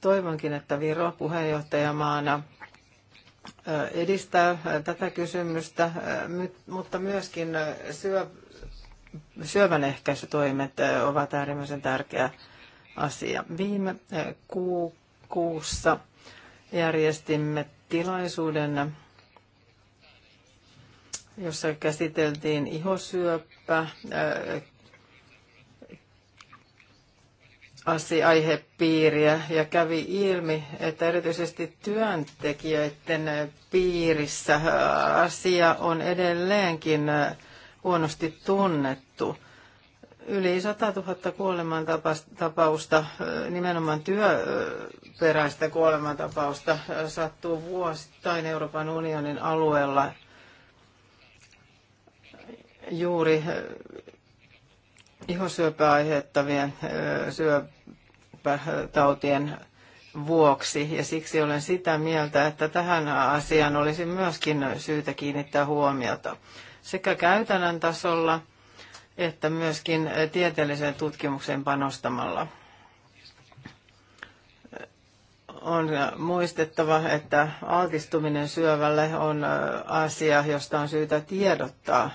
Toivonkin, että Viro puheenjohtajamaana edistää tätä kysymystä, mutta myöskin syövän ehkäisytoimet ovat äärimmäisen tärkeä asia. Viime kuussa järjestimme tilaisuuden, jossa käsiteltiin ihosyöpä asia, aihepiiriä ja kävi ilmi, että erityisesti työntekijöiden piirissä äh, asia on edelleenkin äh, huonosti tunnettu. Yli 100 000 kuolemantapausta, äh, nimenomaan työperäistä kuolemantapausta sattuu vuosittain Euroopan unionin alueella juuri ihosyöpäaiheuttavien syöp- syöpätautien vuoksi. Ja siksi olen sitä mieltä, että tähän asiaan olisi myöskin syytä kiinnittää huomiota sekä käytännön tasolla että myöskin tieteelliseen tutkimukseen panostamalla. On muistettava, että altistuminen syövälle on asia, josta on syytä tiedottaa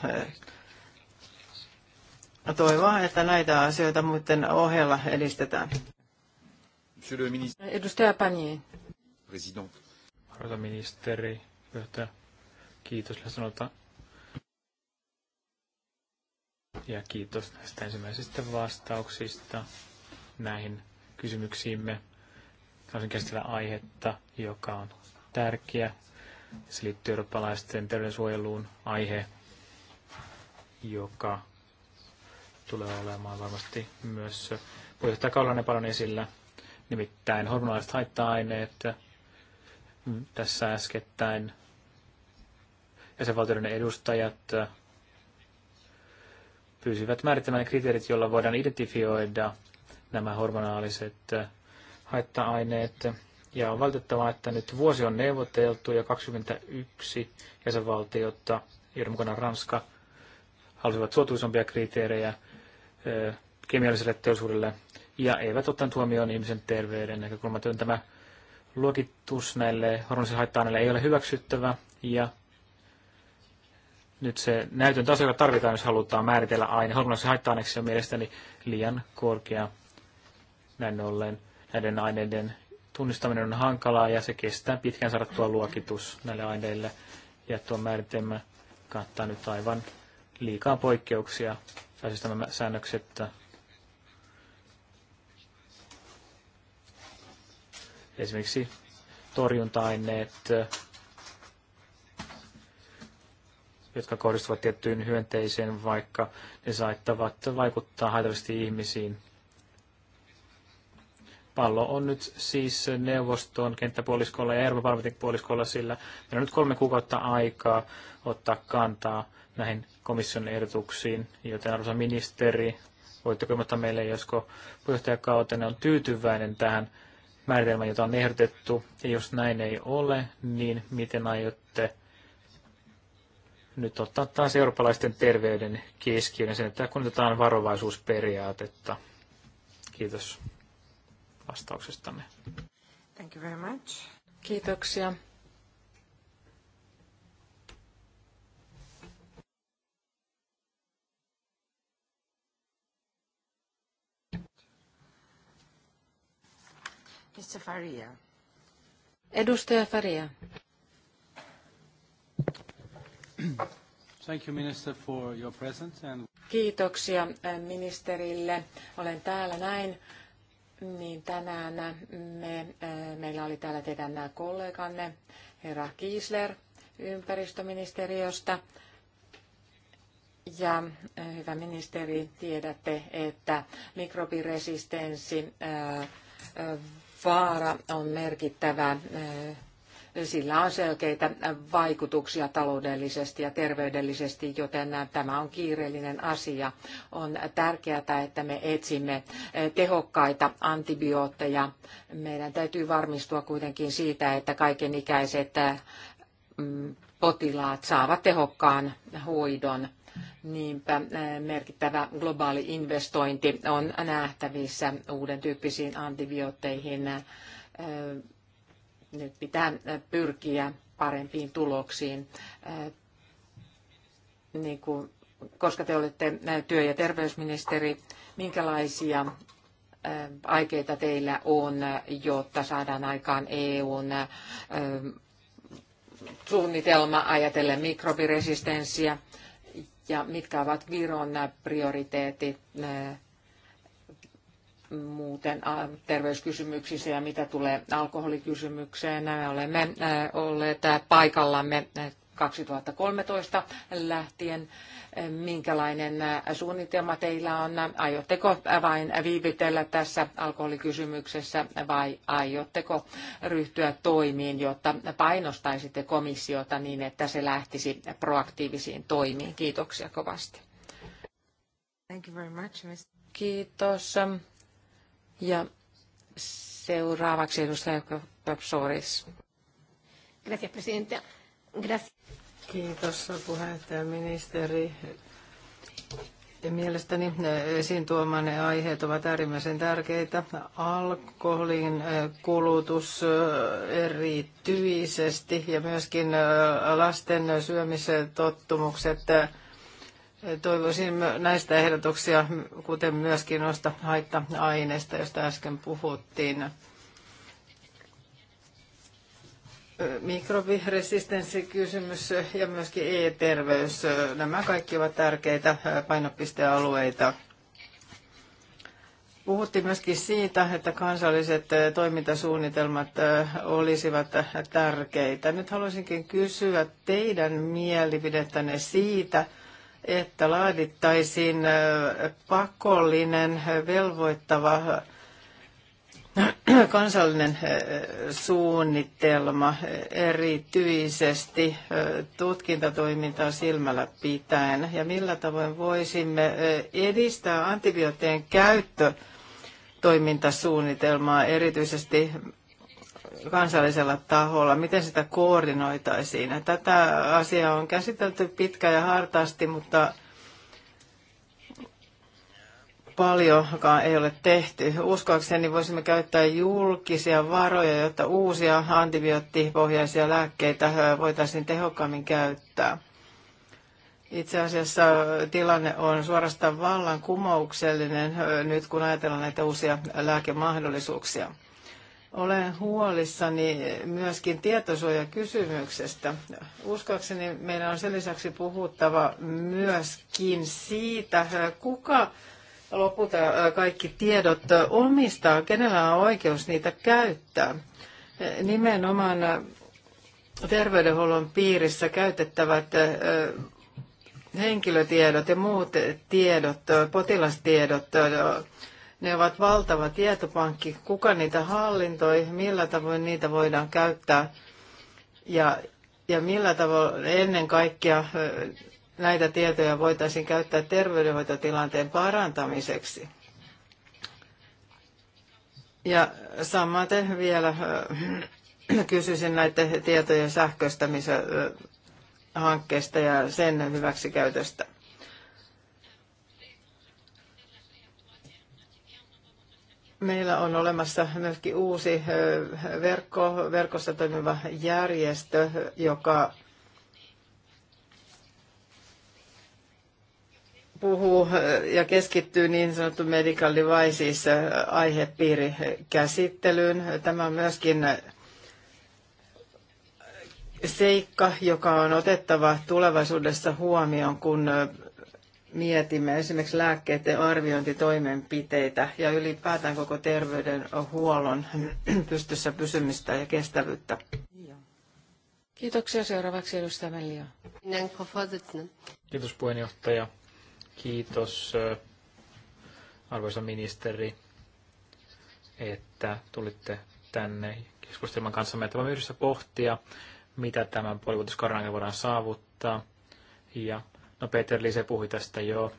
toivoa, että näitä asioita muiden ohella edistetään. Monsieur le ministeri. Edustaja Panie. President. Arvoisa ministeri, johtaja, kiitos läsnäolta. Ja kiitos näistä ensimmäisistä vastauksista näihin kysymyksiimme. Haluaisin käsitellä aihetta, joka on tärkeä. Se liittyy eurooppalaisten terveydensuojeluun aihe, joka tulee olemaan varmasti myös Kaulainen paljon esillä – nimittäin hormonaaliset haitta-aineet tässä äskettäin. Jäsenvaltioiden edustajat pyysivät määrittämään kriteerit, joilla voidaan identifioida nämä hormonaaliset haitta-aineet. Ja on valitettavaa, että nyt vuosi on neuvoteltu ja 21 jäsenvaltiota, joiden mukana Ranska, halusivat suotuisampia kriteerejä kemialliselle teollisuudelle ja eivät ottanut huomioon ihmisen terveyden näkökulmat, tämä luokitus näille hormonisille haitta ei ole hyväksyttävä ja nyt se näytön taso, joka tarvitaan, jos halutaan määritellä aine hormonisille haitta on mielestäni liian korkea. Näin ollen näiden aineiden tunnistaminen on hankalaa ja se kestää pitkään saada tuo luokitus näille aineille. Ja tuo määritelmä kattaa nyt aivan liikaa poikkeuksia. Tai siis nämä säännökset esimerkiksi torjunta-aineet, jotka kohdistuvat tiettyyn hyönteiseen, vaikka ne saattavat vaikuttaa haitallisesti ihmisiin. Pallo on nyt siis neuvoston kenttäpuoliskolla ja Euroopan parlamentin puoliskolla, sillä meillä on nyt kolme kuukautta aikaa ottaa kantaa näihin komission ehdotuksiin, joten arvoisa ministeri, voitteko ilmoittaa meille, josko puheenjohtajakautenne on tyytyväinen tähän määritelmä, jota on ehdotettu, ja jos näin ei ole, niin miten aiotte nyt ottaa taas eurooppalaisten terveyden keskiöön ja sen, että otetaan varovaisuusperiaatetta. Kiitos vastauksestanne. Thank you very much. Kiitoksia. Mr. Faria. Edustaja Faria. Thank you, minister, for your presence and... Kiitoksia eh, ministerille. Olen täällä näin. Niin tänään eh, me, eh, meillä oli täällä teidän kolleganne, herra Kiisler ympäristöministeriöstä. Ja hyvä ministeri, tiedätte, että mikrobiresistenssi vaara on merkittävä. Eh, sillä on selkeitä vaikutuksia taloudellisesti ja terveydellisesti, joten tämä on kiireellinen asia. On tärkeää, että me etsimme eh, tehokkaita antibiootteja. Meidän täytyy varmistua kuitenkin siitä, että kaikenikäiset eh, mm, potilaat saavat tehokkaan hoidon Niinpä eh, merkittävä globaali investointi on nähtävissä uuden tyyppisiin antibiootteihin. Eh, nyt pitää eh, pyrkiä parempiin tuloksiin, niin kuin, koska te olette työ- ja terveysministeri, minkälaisia aikeita teillä on, jotta saadaan aikaan EUn suunnitelma ajatellen mikrobiresistenssiä ja mitkä ovat Viron prioriteetit äh, muuten äh, terveyskysymyksissä ja mitä tulee alkoholikysymykseen. Me äh, olemme olleet paikallamme 2013 lähtien minkälainen suunnitelma teillä on? Aiotteko vain viivytellä tässä alkoholikysymyksessä vai aiotteko ryhtyä toimiin, jotta painostaisitte komissiota niin, että se lähtisi proaktiivisiin toimiin? Kiitoksia kovasti. Thank you very much, Mr. Kiitos. Ja seuraavaksi edustaja Pepsoris. Gracias, Presidente. Gracias. Kiitos puheenjohtaja ministeri. Mielestäni eh, esiin tuomanne aiheet ovat äärimmäisen tärkeitä. Alkoholin eh, kulutus eh, erityisesti ja myöskin lasten syömistottumukset. Toivoisin näistä ehdotuksia, kuten myöskin noista haitta-aineista, joista äsken puhuttiin. mikrobiresistenssikysymys ja myöskin e-terveys. Nämä kaikki ovat tärkeitä painopistealueita. Puhuttiin myöskin siitä, että kansalliset toimintasuunnitelmat olisivat tärkeitä. Nyt haluaisinkin kysyä teidän mielipidettänne siitä, että laadittaisiin pakollinen velvoittava kansallinen suunnitelma erityisesti tutkintatoimintaa silmällä pitäen ja millä tavoin voisimme edistää antibioottien käyttötoimintasuunnitelmaa erityisesti kansallisella taholla, miten sitä koordinoitaisiin. Tätä asiaa on käsitelty pitkä ja hartaasti, mutta paljonkaan ei ole tehty. Uskoakseni voisimme käyttää julkisia varoja, jotta uusia antibioottipohjaisia lääkkeitä voitaisiin tehokkaammin käyttää. Itse asiassa tilanne on suorastaan vallankumouksellinen nyt, kun ajatellaan näitä uusia lääkemahdollisuuksia. Olen huolissani myöskin tietosuojakysymyksestä. Uskoakseni meidän on sen lisäksi puhuttava myöskin siitä, kuka lopulta kaikki tiedot omistaa, kenellä on oikeus niitä käyttää. Nimenomaan terveydenhuollon piirissä käytettävät henkilötiedot ja muut tiedot, potilastiedot, ne ovat valtava tietopankki. Kuka niitä hallintoi, millä tavoin niitä voidaan käyttää ja, ja millä tavoin ennen kaikkea näitä tietoja voitaisiin käyttää terveydenhoitotilanteen parantamiseksi. Ja samaten vielä äh, kysyisin näiden tietojen sähköistämisen äh, hankkeesta ja sen hyväksikäytöstä. Meillä on olemassa myöskin uusi äh, verkko, verkossa toimiva järjestö, joka puhuu äh, ja keskittyy niin sanottu medical devices äh, aihepiirikäsittelyyn. Tämä on myöskin äh, seikka, joka on otettava tulevaisuudessa huomioon, kun mietimme esimerkiksi lääkkeiden arviointitoimenpiteitä ja ylipäätään koko terveydenhuollon pystyssä pysymistä ja kestävyyttä. Kiitoksia. Seuraavaksi edustaja Mellio. Kiitos puheenjohtaja. Kiitos arvoisa ministeri, että tulitte tänne keskustelman kanssa. Että voimme yhdessä pohtia, mitä tämän puolivuotiskauden voidaan saavuttaa. Ja, no Peter Lise puhui tästä jo,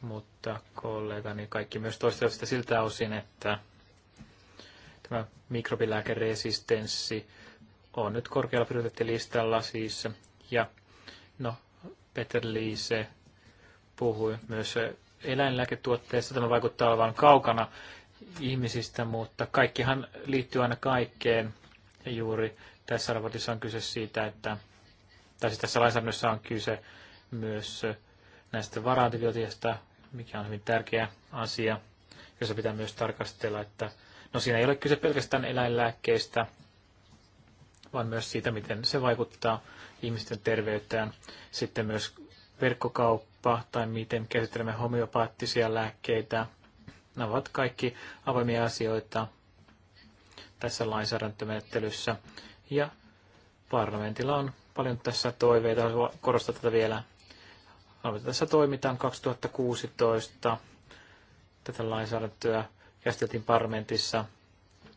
mutta kollegani kaikki myös toistavat sitä siltä osin, että tämä mikrobilääkeresistenssi on nyt korkealla prioriteettilistalla siis. Ja no, Peter Liise puhui myös eläinlääketuotteista. Tämä vaikuttaa olevan kaukana ihmisistä, mutta kaikkihan liittyy aina kaikkeen. Ja juuri tässä raportissa on kyse siitä, että, tai siis tässä lainsäädännössä on kyse myös näistä varaantibiotioista, mikä on hyvin tärkeä asia, jossa pitää myös tarkastella, että no siinä ei ole kyse pelkästään eläinlääkkeistä, vaan myös siitä, miten se vaikuttaa ihmisten terveyteen. Sitten myös verkkokauppa tai miten käsittelemme homeopaattisia lääkkeitä. Nämä ovat kaikki avoimia asioita tässä lainsäädäntömenettelyssä. Ja parlamentilla on paljon tässä toiveita, korostaa tätä vielä. Tässä toimitaan 2016. Tätä lainsäädäntöä käsiteltiin parlamentissa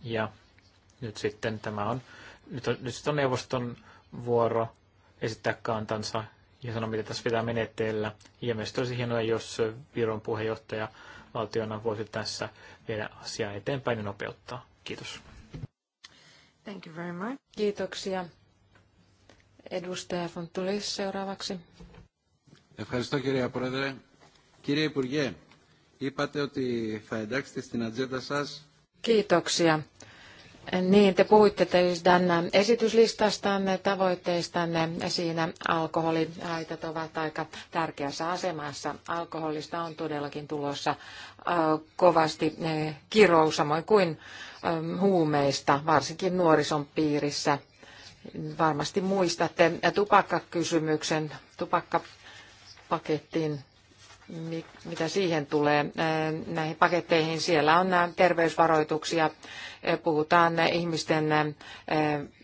ja nyt sitten tämä on, nyt on, nyt sitten on neuvoston vuoro esittää kantansa ja sanoi, mitä tässä pitää menetellä. Ja mielestäni olisi hienoa, jos Viron puheenjohtaja valtiona voisi tässä viedä asiaa eteenpäin ja nopeuttaa. Kiitos. Thank you very much. Kiitoksia. Edustaja tulis seuraavaksi. Ευχαριστώ κυρία Πρόεδρε. Κύριε Υπουργέ, είπατε ότι θα εντάξετε στην ατζέντα σας Kiitoksia. Niin, te puhuitte teidän esityslistastanne, tavoitteistanne. Siinä alkoholihaitat ovat aika tärkeässä asemassa. Alkoholista on todellakin tulossa kovasti kirousamoin samoin kuin huumeista, varsinkin nuorison piirissä. Varmasti muistatte tupakkakysymyksen, tupakkapakettiin mitä siihen tulee näihin paketteihin. Siellä on terveysvaroituksia, puhutaan ihmisten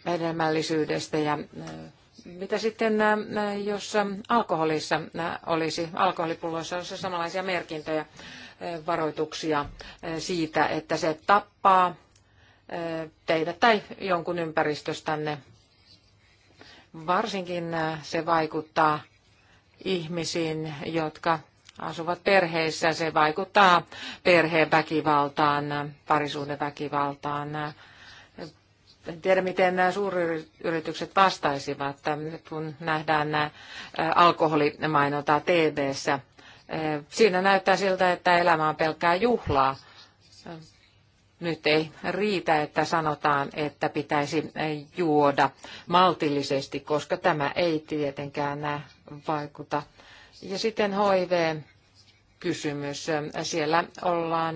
hedelmällisyydestä ja mitä sitten, jos alkoholissa olisi, alkoholipulloissa olisi samanlaisia merkintöjä, varoituksia siitä, että se tappaa teidät tai jonkun ympäristöstänne. Varsinkin se vaikuttaa ihmisiin, jotka asuvat perheissä. Se vaikuttaa perheen väkivaltaan, parisuuden väkivaltaan. En tiedä, miten nämä suuryritykset vastaisivat, kun nähdään nämä alkoholimainontaa TV-ssä. Siinä näyttää siltä, että elämä on pelkkää juhlaa. Nyt ei riitä, että sanotaan, että pitäisi juoda maltillisesti, koska tämä ei tietenkään vaikuta ja sitten HIV-kysymys. Siellä ollaan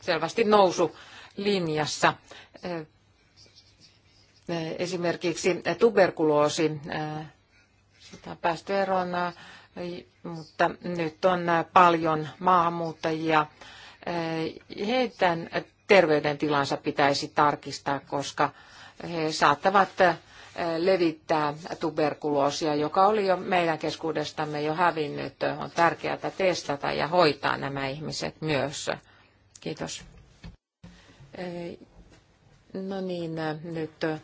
selvästi nousu linjassa, Esimerkiksi tuberkuloosi, sitä on päästy eroon, mutta nyt on paljon maahanmuuttajia. Heidän terveydentilansa pitäisi tarkistaa, koska he saattavat levittää tuberkuloosia, joka oli jo meidän keskuudestamme jo hävinnyt. On tärkeää testata ja hoitaa nämä ihmiset myös. Kiitos. Eh, no niin, eh, nyt eh,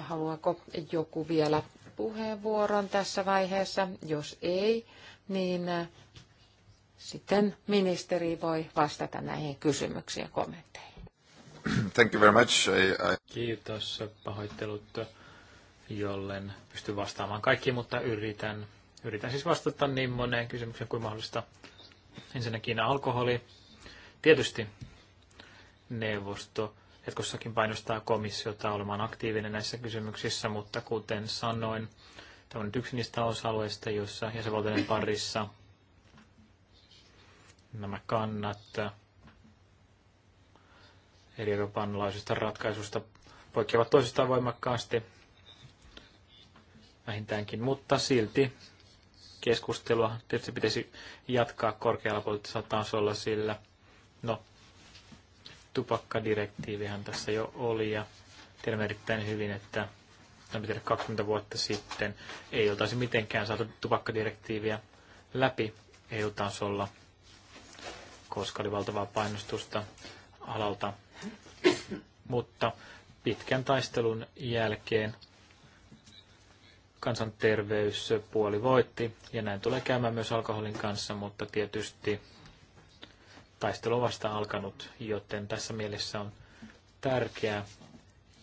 haluaako joku vielä puheenvuoron tässä vaiheessa? Jos ei, niin sitten ministeri voi vastata näihin kysymyksiin ja kommentteihin. Thank you very much. I, I... Kiitos, pahoittelut jollen pysty vastaamaan kaikkiin, mutta yritän, yritän siis vastata niin moneen kysymykseen kuin mahdollista. Ensinnäkin alkoholi. Tietysti neuvosto jatkossakin painostaa komissiota olemaan aktiivinen näissä kysymyksissä, mutta kuten sanoin, tämä on nyt yksi niistä osa-alueista, jossa jäsenvaltioiden parissa nämä kannat eri eurooppalaisista ratkaisusta poikkeavat toisistaan voimakkaasti vähintäänkin, mutta silti keskustelua tietysti pitäisi jatkaa korkealla poliittisella tasolla, sillä no, tupakkadirektiivihan tässä jo oli ja tiedämme erittäin hyvin, että tämä 20 vuotta sitten ei oltaisi mitenkään saatu tupakkadirektiiviä läpi EU-tasolla, koska oli valtavaa painostusta alalta. Mutta pitkän taistelun jälkeen kansanterveyspuoli voitti, ja näin tulee käymään myös alkoholin kanssa, mutta tietysti taistelu vasta alkanut, joten tässä mielessä on tärkeää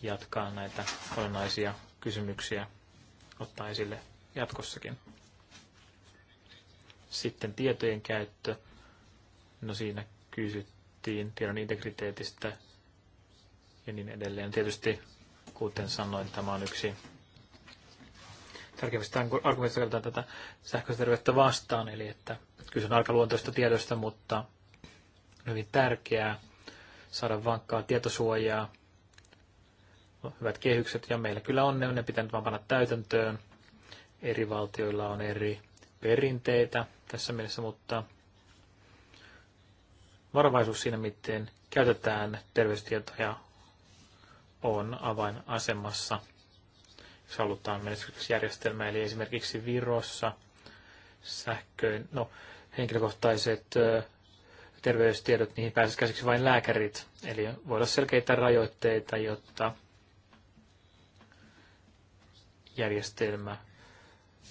jatkaa näitä olennaisia kysymyksiä ottaa esille jatkossakin. Sitten tietojen käyttö. No siinä kysyttiin tiedon integriteetistä ja niin edelleen. Tietysti, kuten sanoin, tämä on yksi tärkeimmistä argumentista käytetään tätä sähköistä vastaan, eli että kyse on luontoista tiedosta, mutta on hyvin tärkeää saada vankkaa tietosuojaa, hyvät kehykset, ja meillä kyllä on ne, ne pitää nyt vaan panna täytäntöön. Eri valtioilla on eri perinteitä tässä mielessä, mutta varovaisuus siinä, miten käytetään terveystietoja, on avainasemassa halutaan menestysjärjestelmä, eli esimerkiksi Virossa sähköön, no henkilökohtaiset terveystiedot, niihin pääsisi käsiksi vain lääkärit. Eli voi olla selkeitä rajoitteita, jotta järjestelmä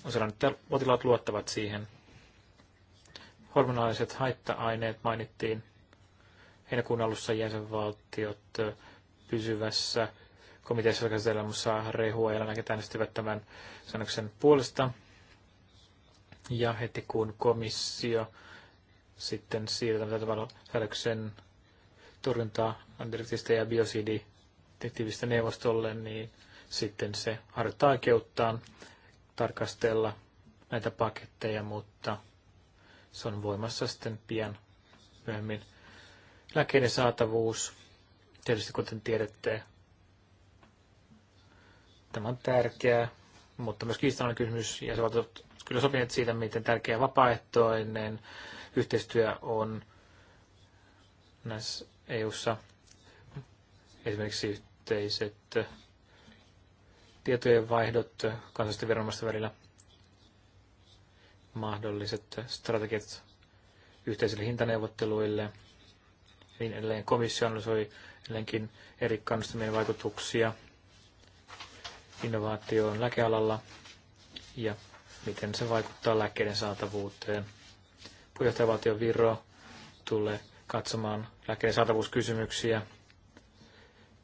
on sellainen, että potilaat luottavat siihen. Hormonaaliset haitta-aineet mainittiin heinäkuun alussa jäsenvaltiot pysyvässä komiteassa käsitellään Musa Rehua ja Länäket äänestivät tämän säännöksen puolesta. Ja heti kun komissio sitten siirtää tätä tavalla säädöksen torjuntaa antidirektiivistä ja biosididirektiivistä neuvostolle, niin sitten se harjoittaa oikeuttaan tarkastella näitä paketteja, mutta se on voimassa sitten pian myöhemmin. Lääkkeiden saatavuus, tietysti kuten tiedätte, Tämä on tärkeää, mutta myös kiistanainen kysymys, ja se ovat kyllä sopineet siitä, miten tärkeä vapaaehtoinen yhteistyö on näissä EU-ssa. Esimerkiksi yhteiset tietojen vaihdot kansallisten viranomaisten välillä, mahdolliset strategiat yhteisille hintaneuvotteluille, niin edelleen komissio analysoi edelleenkin eri kannustamien vaikutuksia innovaatioon lääkealalla ja miten se vaikuttaa lääkkeiden saatavuuteen. Puheenjohtajavaltio Viro tulee katsomaan lääkkeiden saatavuuskysymyksiä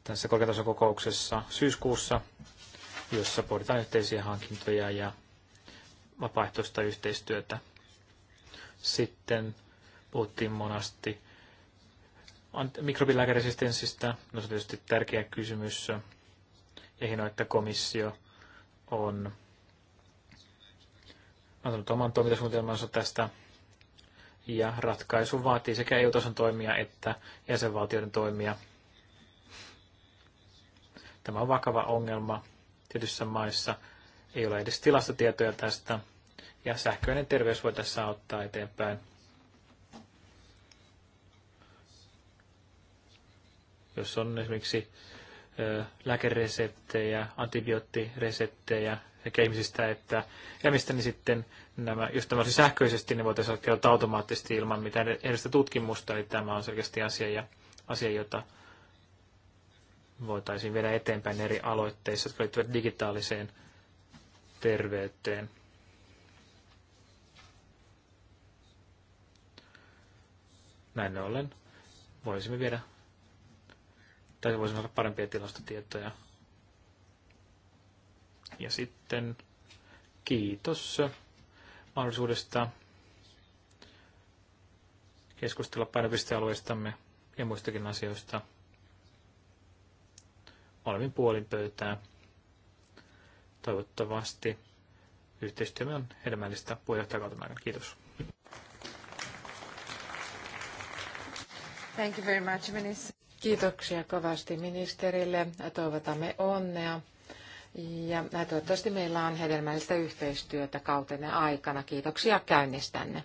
tässä kokouksessa syyskuussa, jossa pohditaan yhteisiä hankintoja ja vapaaehtoista yhteistyötä. Sitten puhuttiin monasti mikrobilääkäresistenssistä. No se on tietysti tärkeä kysymys ja että komissio on antanut oman toimintasuunnitelmansa tästä. Ja ratkaisu vaatii sekä EU-tason toimia että jäsenvaltioiden toimia. Tämä on vakava ongelma. Tietyissä maissa ei ole edes tilastotietoja tästä. Ja sähköinen terveys voi tässä auttaa eteenpäin. Jos on esimerkiksi lääkereseptejä, antibioottireseptejä sekä ihmisistä että mistä niin sitten nämä, jos tämä olisi sähköisesti, niin voitaisiin kertoa automaattisesti ilman mitään edellistä tutkimusta, eli tämä on selkeästi asia, ja, asia jota voitaisiin viedä eteenpäin eri aloitteissa, jotka liittyvät digitaaliseen terveyteen. Näin ollen voisimme viedä tai voisi saada parempia tilastotietoja. Ja sitten kiitos mahdollisuudesta keskustella painopistealueistamme ja muistakin asioista molemmin puolin pöytää. Toivottavasti yhteistyömme on hedelmällistä puheenjohtajakauden aikana. Kiitos. Thank you very much, minister. Kiitoksia kovasti ministerille. Toivotamme onnea. Ja toivottavasti meillä on hedelmällistä yhteistyötä kautenne aikana. Kiitoksia käynnistänne.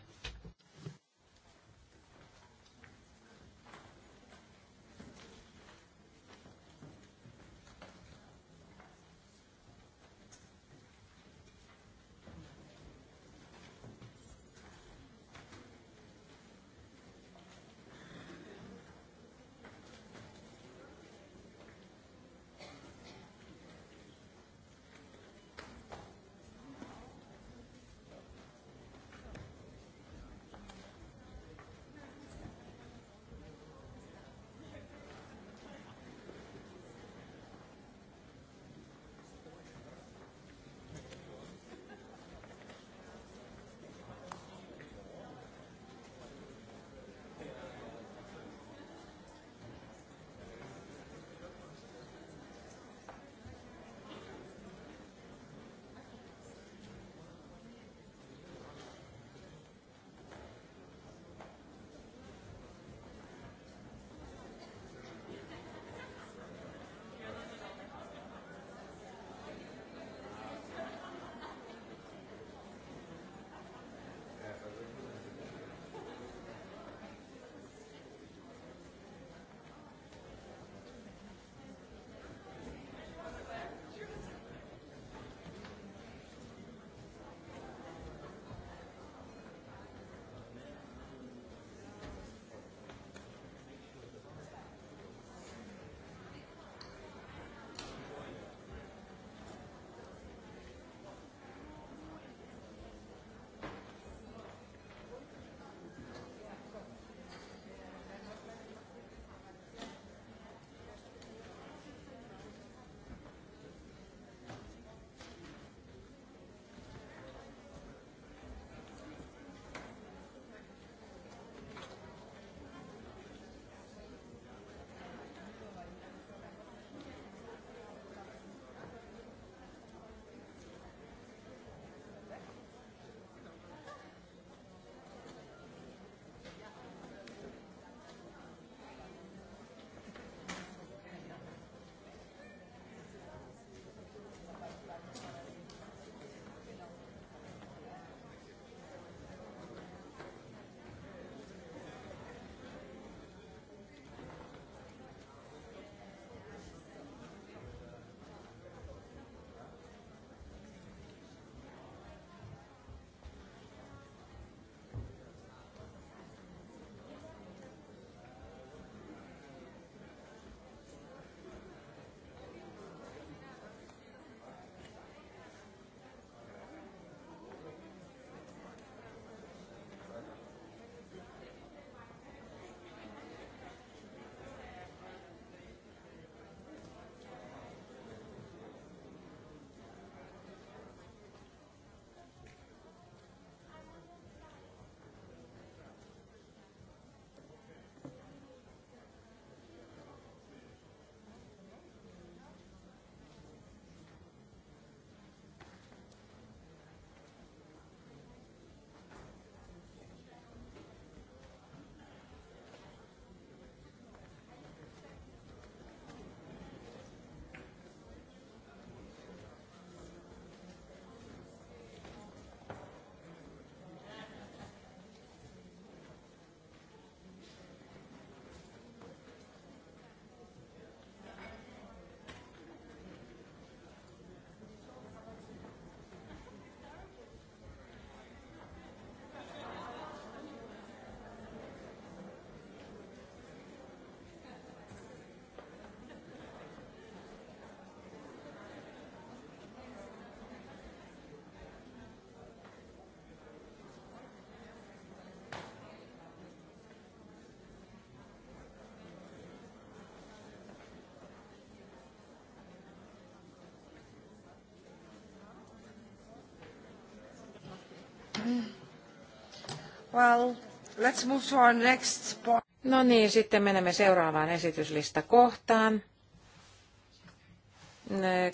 Well, let's move to our next point. No niin, sitten menemme seuraavaan esityslista kohtaan.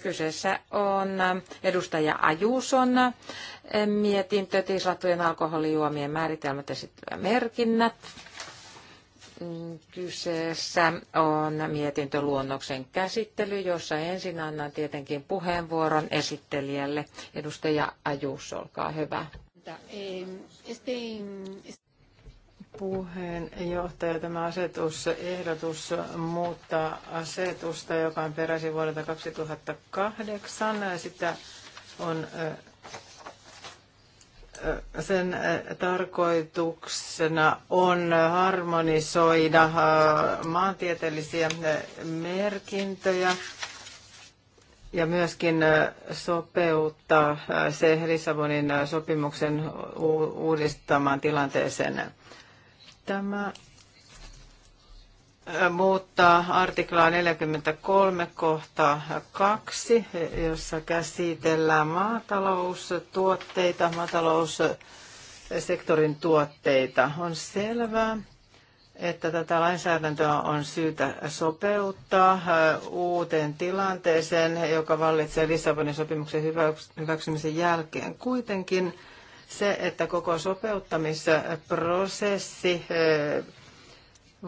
Kyseessä on edustaja Ajuson mietintö tislattujen alkoholijuomien määritelmät ja merkinnät. Kyseessä on mietintöluonnoksen käsittely, jossa ensin annan tietenkin puheenvuoron esittelijälle. Edustaja Ajus, olkaa hyvä presidenta. Eh, este, puheenjohtaja, tämä asetusehdotus muuttaa asetusta, joka on peräisin vuodelta 2008. Sitä on eh, sen eh, tarkoituksena on harmonisoida maantieteellisiä merkintöjä ja myöskin sopeuttaa se Lissabonin sopimuksen uudistamaan tilanteeseen. Tämä muuttaa artiklaa 43 kohta 2, jossa käsitellään maataloustuotteita, maataloussektorin tuotteita. On selvää, että tätä lainsäädäntöä on syytä sopeuttaa äh, uuteen tilanteeseen, joka vallitsee Lissabonin sopimuksen hyväksymisen jälkeen. Kuitenkin se, että koko sopeuttamisprosessi äh,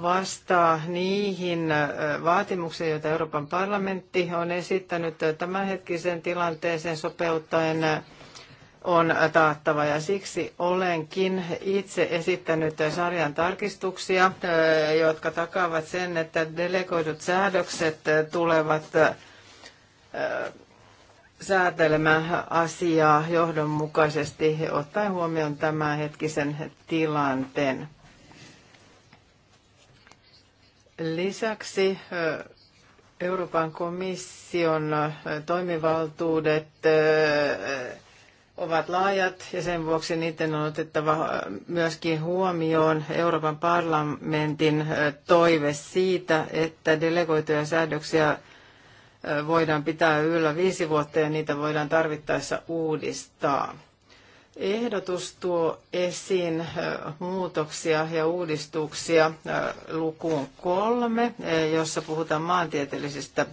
vastaa niihin äh, vaatimuksiin, joita Euroopan parlamentti on esittänyt tämänhetkisen tilanteeseen sopeuttaen on taattava ja siksi olenkin itse esittänyt sarjan tarkistuksia, jotka takaavat sen, että delegoidut säädökset tulevat säätelemään asiaa johdonmukaisesti ottaen huomioon tämänhetkisen tilanteen. Lisäksi Euroopan komission toimivaltuudet ovat laajat ja sen vuoksi niiden on otettava myöskin huomioon Euroopan parlamentin toive siitä, että delegoituja säädöksiä voidaan pitää yllä viisi vuotta ja niitä voidaan tarvittaessa uudistaa. Ehdotus tuo esiin muutoksia ja uudistuksia lukuun kolme, jossa puhutaan maantieteellisistä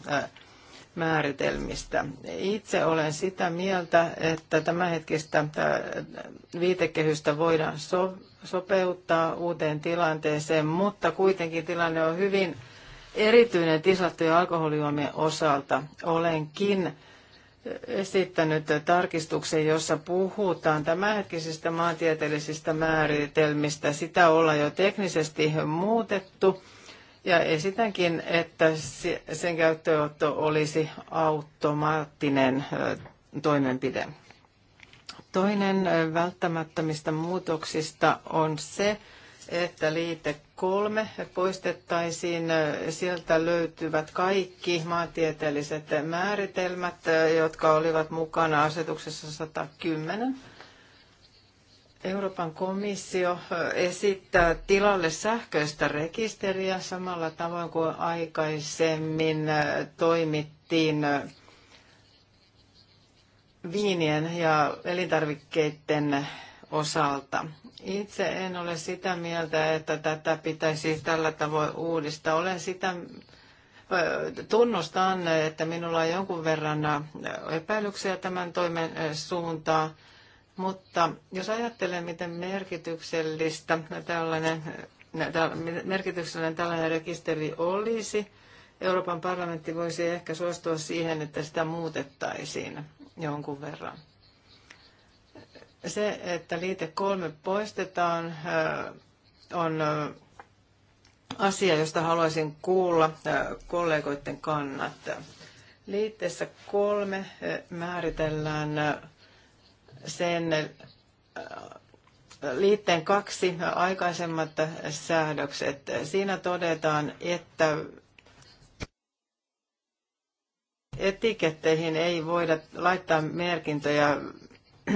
määritelmistä. Itse olen sitä mieltä, että tämänhetkistä viitekehystä voidaan so- sopeuttaa uuteen tilanteeseen, mutta kuitenkin tilanne on hyvin erityinen tislattujen alkoholijuomien osalta. Olenkin esittänyt tarkistuksen, jossa puhutaan tämänhetkisistä maantieteellisistä määritelmistä. Sitä ollaan jo teknisesti muutettu ja esitänkin, että sen käyttöönotto olisi automaattinen toimenpide. Toinen välttämättömistä muutoksista on se, että liite kolme poistettaisiin. Sieltä löytyvät kaikki maantieteelliset määritelmät, jotka olivat mukana asetuksessa 110 Euroopan komissio esittää tilalle sähköistä rekisteriä samalla tavoin kuin aikaisemmin toimittiin viinien ja elintarvikkeiden osalta. Itse en ole sitä mieltä, että tätä pitäisi tällä tavoin uudistaa. Olen sitä, tunnustan, että minulla on jonkun verran epäilyksiä tämän toimen suuntaan mutta jos ajattelen, miten merkityksellistä tällainen, merkityksellinen tällainen rekisteri olisi, Euroopan parlamentti voisi ehkä suostua siihen, että sitä muutettaisiin jonkun verran. Se, että liite kolme poistetaan, on asia, josta haluaisin kuulla kollegoiden kannat. Liitteessä kolme määritellään sen äh, liitteen kaksi aikaisemmat säädökset. Siinä todetaan, että etiketteihin ei voida laittaa merkintöjä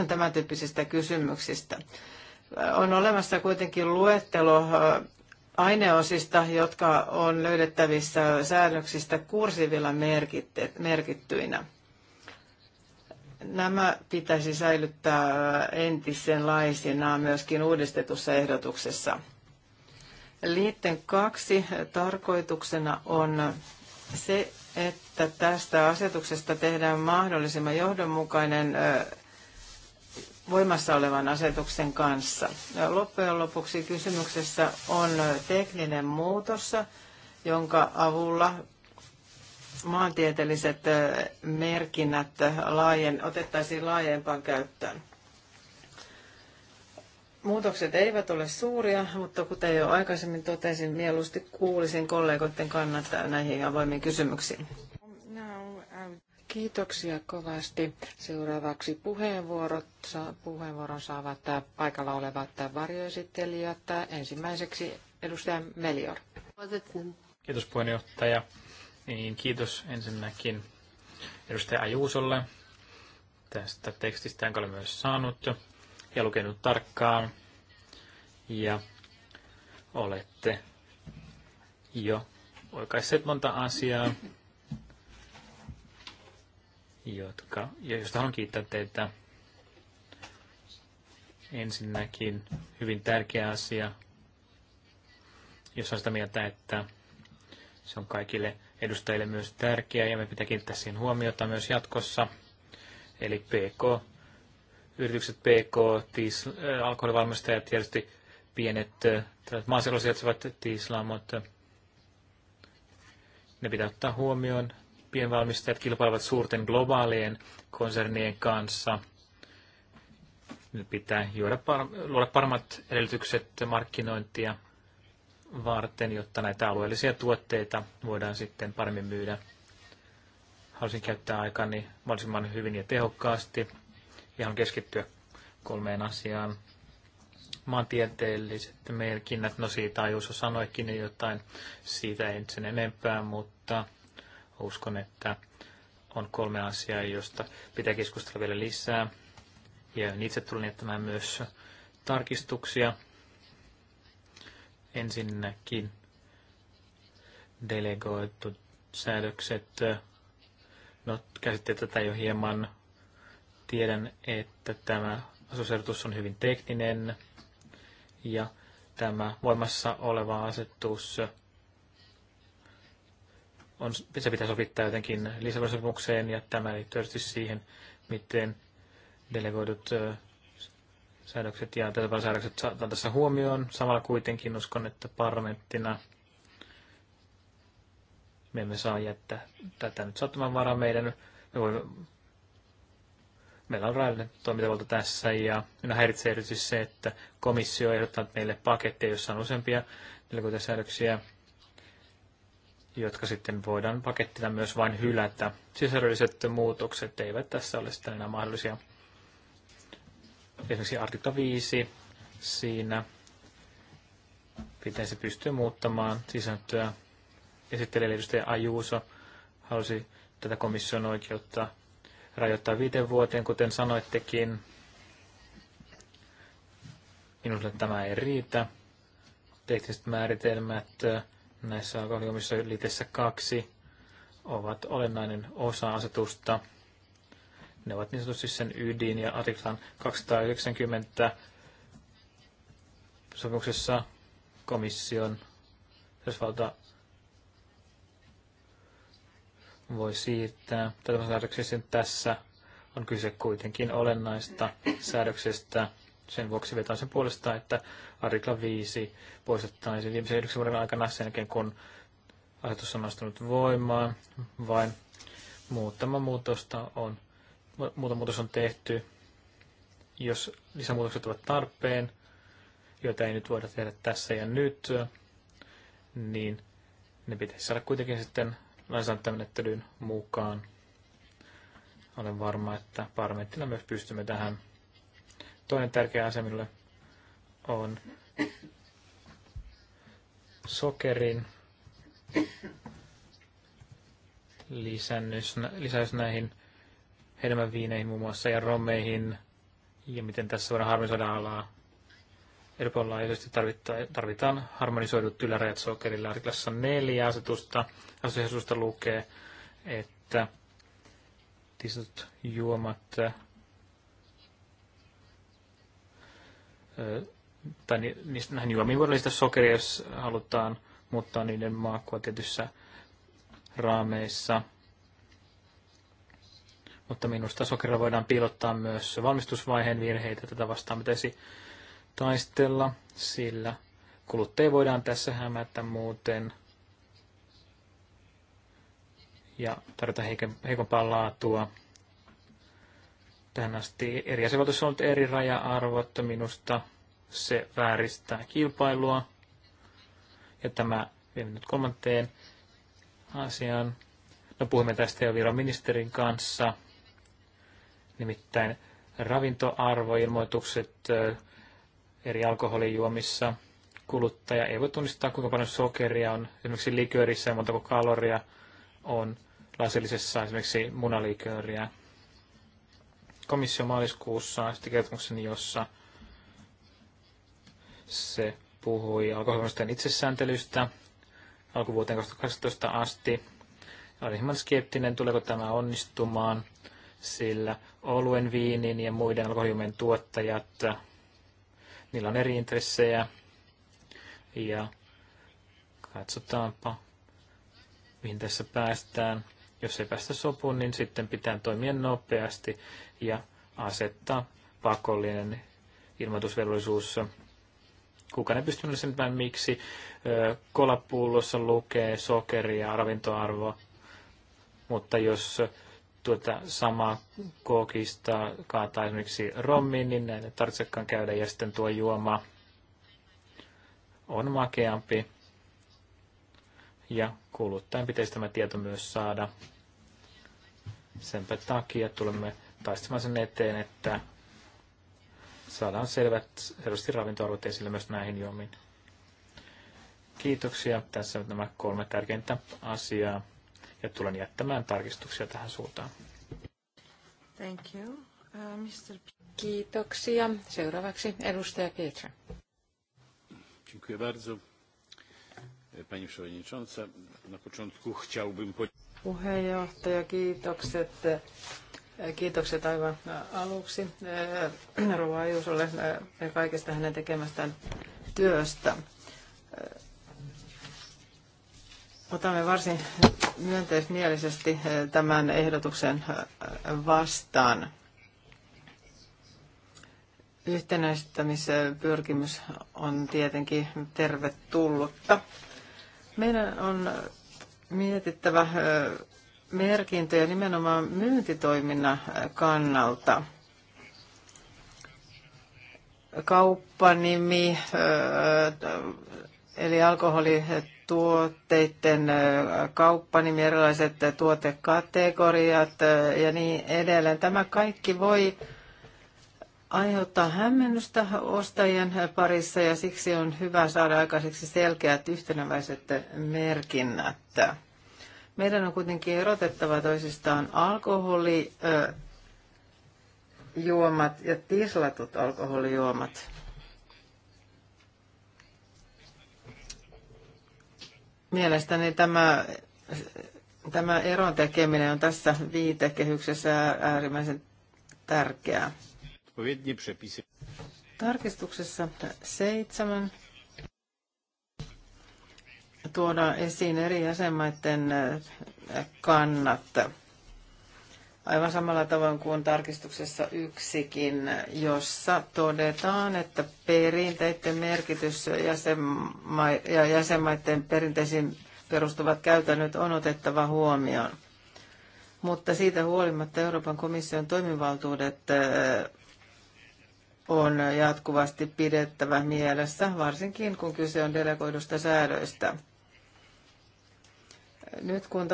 tämän tyyppisistä kysymyksistä. On olemassa kuitenkin luettelo äh, aineosista, jotka on löydettävissä säännöksistä kursivilla merkittyinä. Nämä pitäisi säilyttää entisenlaisina myöskin uudistetussa ehdotuksessa. Liitteen kaksi tarkoituksena on se, että tästä asetuksesta tehdään mahdollisimman johdonmukainen voimassa olevan asetuksen kanssa. Loppujen lopuksi kysymyksessä on tekninen muutos, jonka avulla maantieteelliset merkinnät laajen, otettaisiin laajempaan käyttöön. Muutokset eivät ole suuria, mutta kuten jo aikaisemmin totesin, mieluusti kuulisin kollegoiden kannat näihin avoimiin kysymyksiin. Kiitoksia kovasti. Seuraavaksi puheenvuorot, puheenvuoron saavat paikalla olevat varjoesittelijät. Ensimmäiseksi edustaja Melior. Kiitos puheenjohtaja. Niin, kiitos ensinnäkin edustaja Ajuusolle tästä tekstistä, jonka olen myös saanut ja lukenut tarkkaan. Ja olette jo oikaisseet monta asiaa, jotka, ja josta haluan kiittää teitä. Ensinnäkin hyvin tärkeä asia, jos on sitä mieltä, että se on kaikille edustajille myös tärkeä ja me pitää kiinnittää siihen huomiota myös jatkossa. Eli PK, yritykset PK, tiis, äh, alkoholivalmistajat, tietysti pienet äh, maaseudulla sijaitsevat tiislaamot, äh, ne pitää ottaa huomioon. Pienvalmistajat kilpailevat suurten globaalien konsernien kanssa. Nyt pitää juoda par- luoda paremmat edellytykset markkinointia varten, jotta näitä alueellisia tuotteita voidaan sitten paremmin myydä. Halusin käyttää aikani mahdollisimman hyvin ja tehokkaasti. Ihan keskittyä kolmeen asiaan. Maantieteelliset merkinnät, no siitä Juuso sanoikin jotain, siitä ei sen enempää, mutta uskon, että on kolme asiaa, josta pitää keskustella vielä lisää. Ja itse tulin jättämään myös tarkistuksia Ensinnäkin delegoitu säädökset. No, käsitte tätä jo hieman. Tiedän, että tämä asetus on hyvin tekninen ja tämä voimassa oleva asetus on, se pitää sovittaa jotenkin lisäsopimukseen ja tämä liittyy siihen, miten delegoidut säädökset ja säädökset saadaan tässä huomioon. Samalla kuitenkin uskon, että parlamenttina me emme saa jättää tätä nyt sattuman varaa meidän. Me voimme, meillä on rajallinen toimintavalta tässä ja minä häiritsee erityisesti se, että komissio ehdottaa meille paketteja, jossa on useampia 40 säädöksiä, jotka sitten voidaan pakettina myös vain hylätä. Sisällölliset muutokset eivät tässä ole sitten enää mahdollisia. Esimerkiksi artikla 5, siinä se pystyy muuttamaan sisältöä. Esittelijä edustaja Ajuuso halusi tätä komission oikeutta rajoittaa viiden vuoteen, kuten sanoittekin. Minulle tämä ei riitä. Tekniset määritelmät näissä alkoholijuomissa liitteessä kaksi ovat olennainen osa asetusta – ne ovat niin sanotusti sen ydin ja artiklan 290 sopimuksessa komission Yhdysvalta voi siirtää tätä säädöksessä tässä on kyse kuitenkin olennaista säädöksestä. Sen vuoksi vetää sen puolesta, että artikla 5 poistettaisiin viimeisen yhdeksän vuoden aikana sen jälkeen, kun asetus on astunut voimaan. Vain muutama muutosta on muuta muutos on tehty. Jos lisämuutokset ovat tarpeen, joita ei nyt voida tehdä tässä ja nyt, niin ne pitäisi saada kuitenkin sitten lainsäädäntömenettelyyn mukaan. Olen varma, että parlamenttina myös pystymme tähän. Toinen tärkeä asia minulle on sokerin lisännys, lisäys näihin hedelmäviineihin muun muassa ja rommeihin ja miten tässä voidaan harmonisoida alaa. Euroopan laajuisesti tarvitaan harmonisoidut ylärajat sokerille. Artiklassa 4 asetusta, asetusta lukee, että tisut juomat tai niistä näihin juomiin voidaan lisätä sokeria, jos halutaan muuttaa niiden makua tietyissä raameissa mutta minusta sokerilla voidaan piilottaa myös valmistusvaiheen virheitä. Tätä vastaan pitäisi taistella, sillä kuluttaja voidaan tässä hämätä muuten ja tarjota heikompaa laatua. Tähän asti eri jäsenvaltioissa on ollut eri raja-arvot, minusta se vääristää kilpailua. Ja tämä vie nyt kolmanteen asiaan. No puhumme tästä jo viran ministerin kanssa nimittäin ravintoarvoilmoitukset eri alkoholijuomissa. Kuluttaja ei voi tunnistaa, kuinka paljon sokeria on esimerkiksi liköörissä ja montako kaloria on lasillisessa esimerkiksi munaliköriä. Komissio maaliskuussa sitten kertomuksen, jossa se puhui alkoholisten itsesääntelystä alkuvuoteen 2018 asti. Olin hieman skeptinen, tuleeko tämä onnistumaan sillä oluen, viinin ja muiden alkoholiumien tuottajat, niillä on eri intressejä. Ja katsotaanpa, mihin tässä päästään. Jos ei päästä sopuun, niin sitten pitää toimia nopeasti ja asettaa pakollinen ilmoitusvelvollisuus. Kuka ei pystynyt sen miksi kolapullossa lukee sokeri ja ravintoarvo, mutta jos tuota samaa kookista kaataa esimerkiksi rommiin, niin näin ei tarvitsekaan käydä. Ja sitten tuo juoma on makeampi. Ja kuluttajan pitäisi tämä tieto myös saada. Senpä takia tulemme taistamaan sen eteen, että saadaan selvät, selvästi ravintoarvot esille myös näihin juomiin. Kiitoksia. Tässä on nämä kolme tärkeintä asiaa ja tulen jättämään tarkistuksia tähän suuntaan. Thank you. Uh, Mr. Kiitoksia. Seuraavaksi edustaja Pietra. Dziękuję bardzo. Pani Przewodnicząca, na początku chciałbym... Puheenjohtaja, kiitokset. Kiitokset aivan aluksi Rova ja kaikesta hänen tekemästään työstä. Otamme varsin myönteismielisesti eh, tämän ehdotuksen eh, vastaan. Yhtenäistämispyrkimys on tietenkin tervetullutta. Meidän on mietittävä eh, merkintöjä nimenomaan myyntitoiminnan kannalta. Kauppanimi, eli alkoholi tuotteiden kauppanimi, erilaiset tuotekategoriat ja niin edelleen. Tämä kaikki voi aiheuttaa hämmennystä ostajien parissa ja siksi on hyvä saada aikaiseksi selkeät yhtenäväiset merkinnät. Meidän on kuitenkin erotettava toisistaan alkoholijuomat ja tislatut alkoholijuomat. Mielestäni tämä, tämä eron tekeminen on tässä viitekehyksessä äärimmäisen tärkeää. Tarkistuksessa seitsemän tuodaan esiin eri jäsenmaiden kannat aivan samalla tavoin kuin tarkistuksessa yksikin, jossa todetaan, että perinteiden merkitys jäsenma- ja jäsenmaiden perinteisiin perustuvat käytännöt on otettava huomioon. Mutta siitä huolimatta Euroopan komission toimivaltuudet on jatkuvasti pidettävä mielessä, varsinkin kun kyse on delegoidusta säädöistä. Nyt kun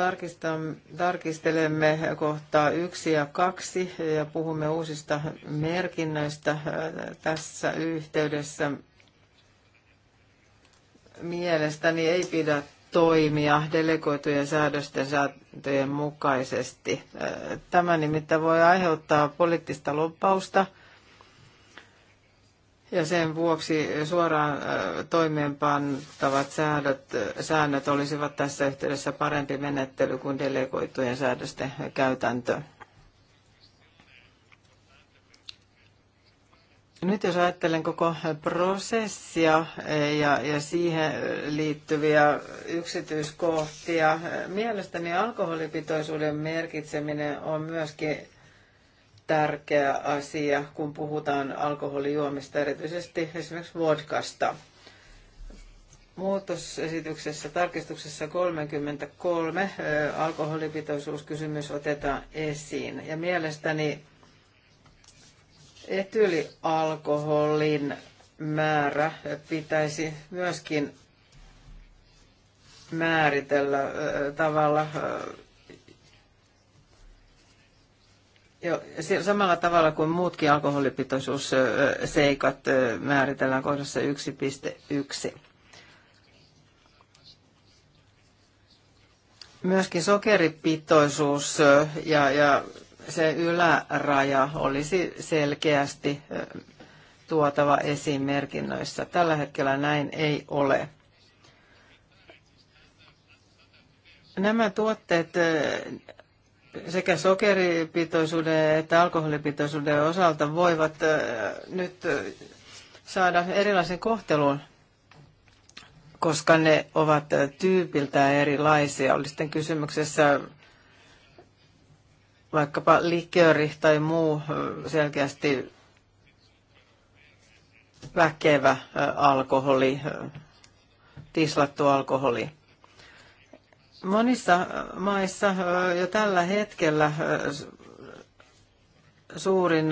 tarkistelemme kohtaa yksi ja kaksi ja puhumme uusista merkinnöistä äh, tässä yhteydessä, mielestäni ei pidä toimia delegoitujen säädösten sääntöjen mukaisesti. Äh, tämä nimittäin voi aiheuttaa poliittista loppausta – ja sen vuoksi suoraan toimeenpantavat säännöt, säännöt olisivat tässä yhteydessä parempi menettely kuin delegoitujen säädösten käytäntö. Nyt jos ajattelen koko prosessia ja, ja siihen liittyviä yksityiskohtia, mielestäni alkoholipitoisuuden merkitseminen on myöskin tärkeä asia, kun puhutaan alkoholijuomista, erityisesti esimerkiksi vodkasta. Muutosesityksessä tarkistuksessa 33 alkoholipitoisuuskysymys otetaan esiin. Ja mielestäni etylialkoholin määrä pitäisi myöskin määritellä tavalla, Joo, samalla tavalla kuin muutkin alkoholipitoisuusseikat määritellään kohdassa 1.1. Myöskin sokeripitoisuus ja, ja se yläraja olisi selkeästi tuotava esiin merkinnöissä. Tällä hetkellä näin ei ole. Nämä tuotteet sekä sokeripitoisuuden että alkoholipitoisuuden osalta voivat nyt saada erilaisen kohtelun, koska ne ovat tyypiltään erilaisia. Oli sitten kysymyksessä vaikkapa likööri tai muu selkeästi väkevä alkoholi, tislattu alkoholi. Monissa maissa jo tällä hetkellä suurin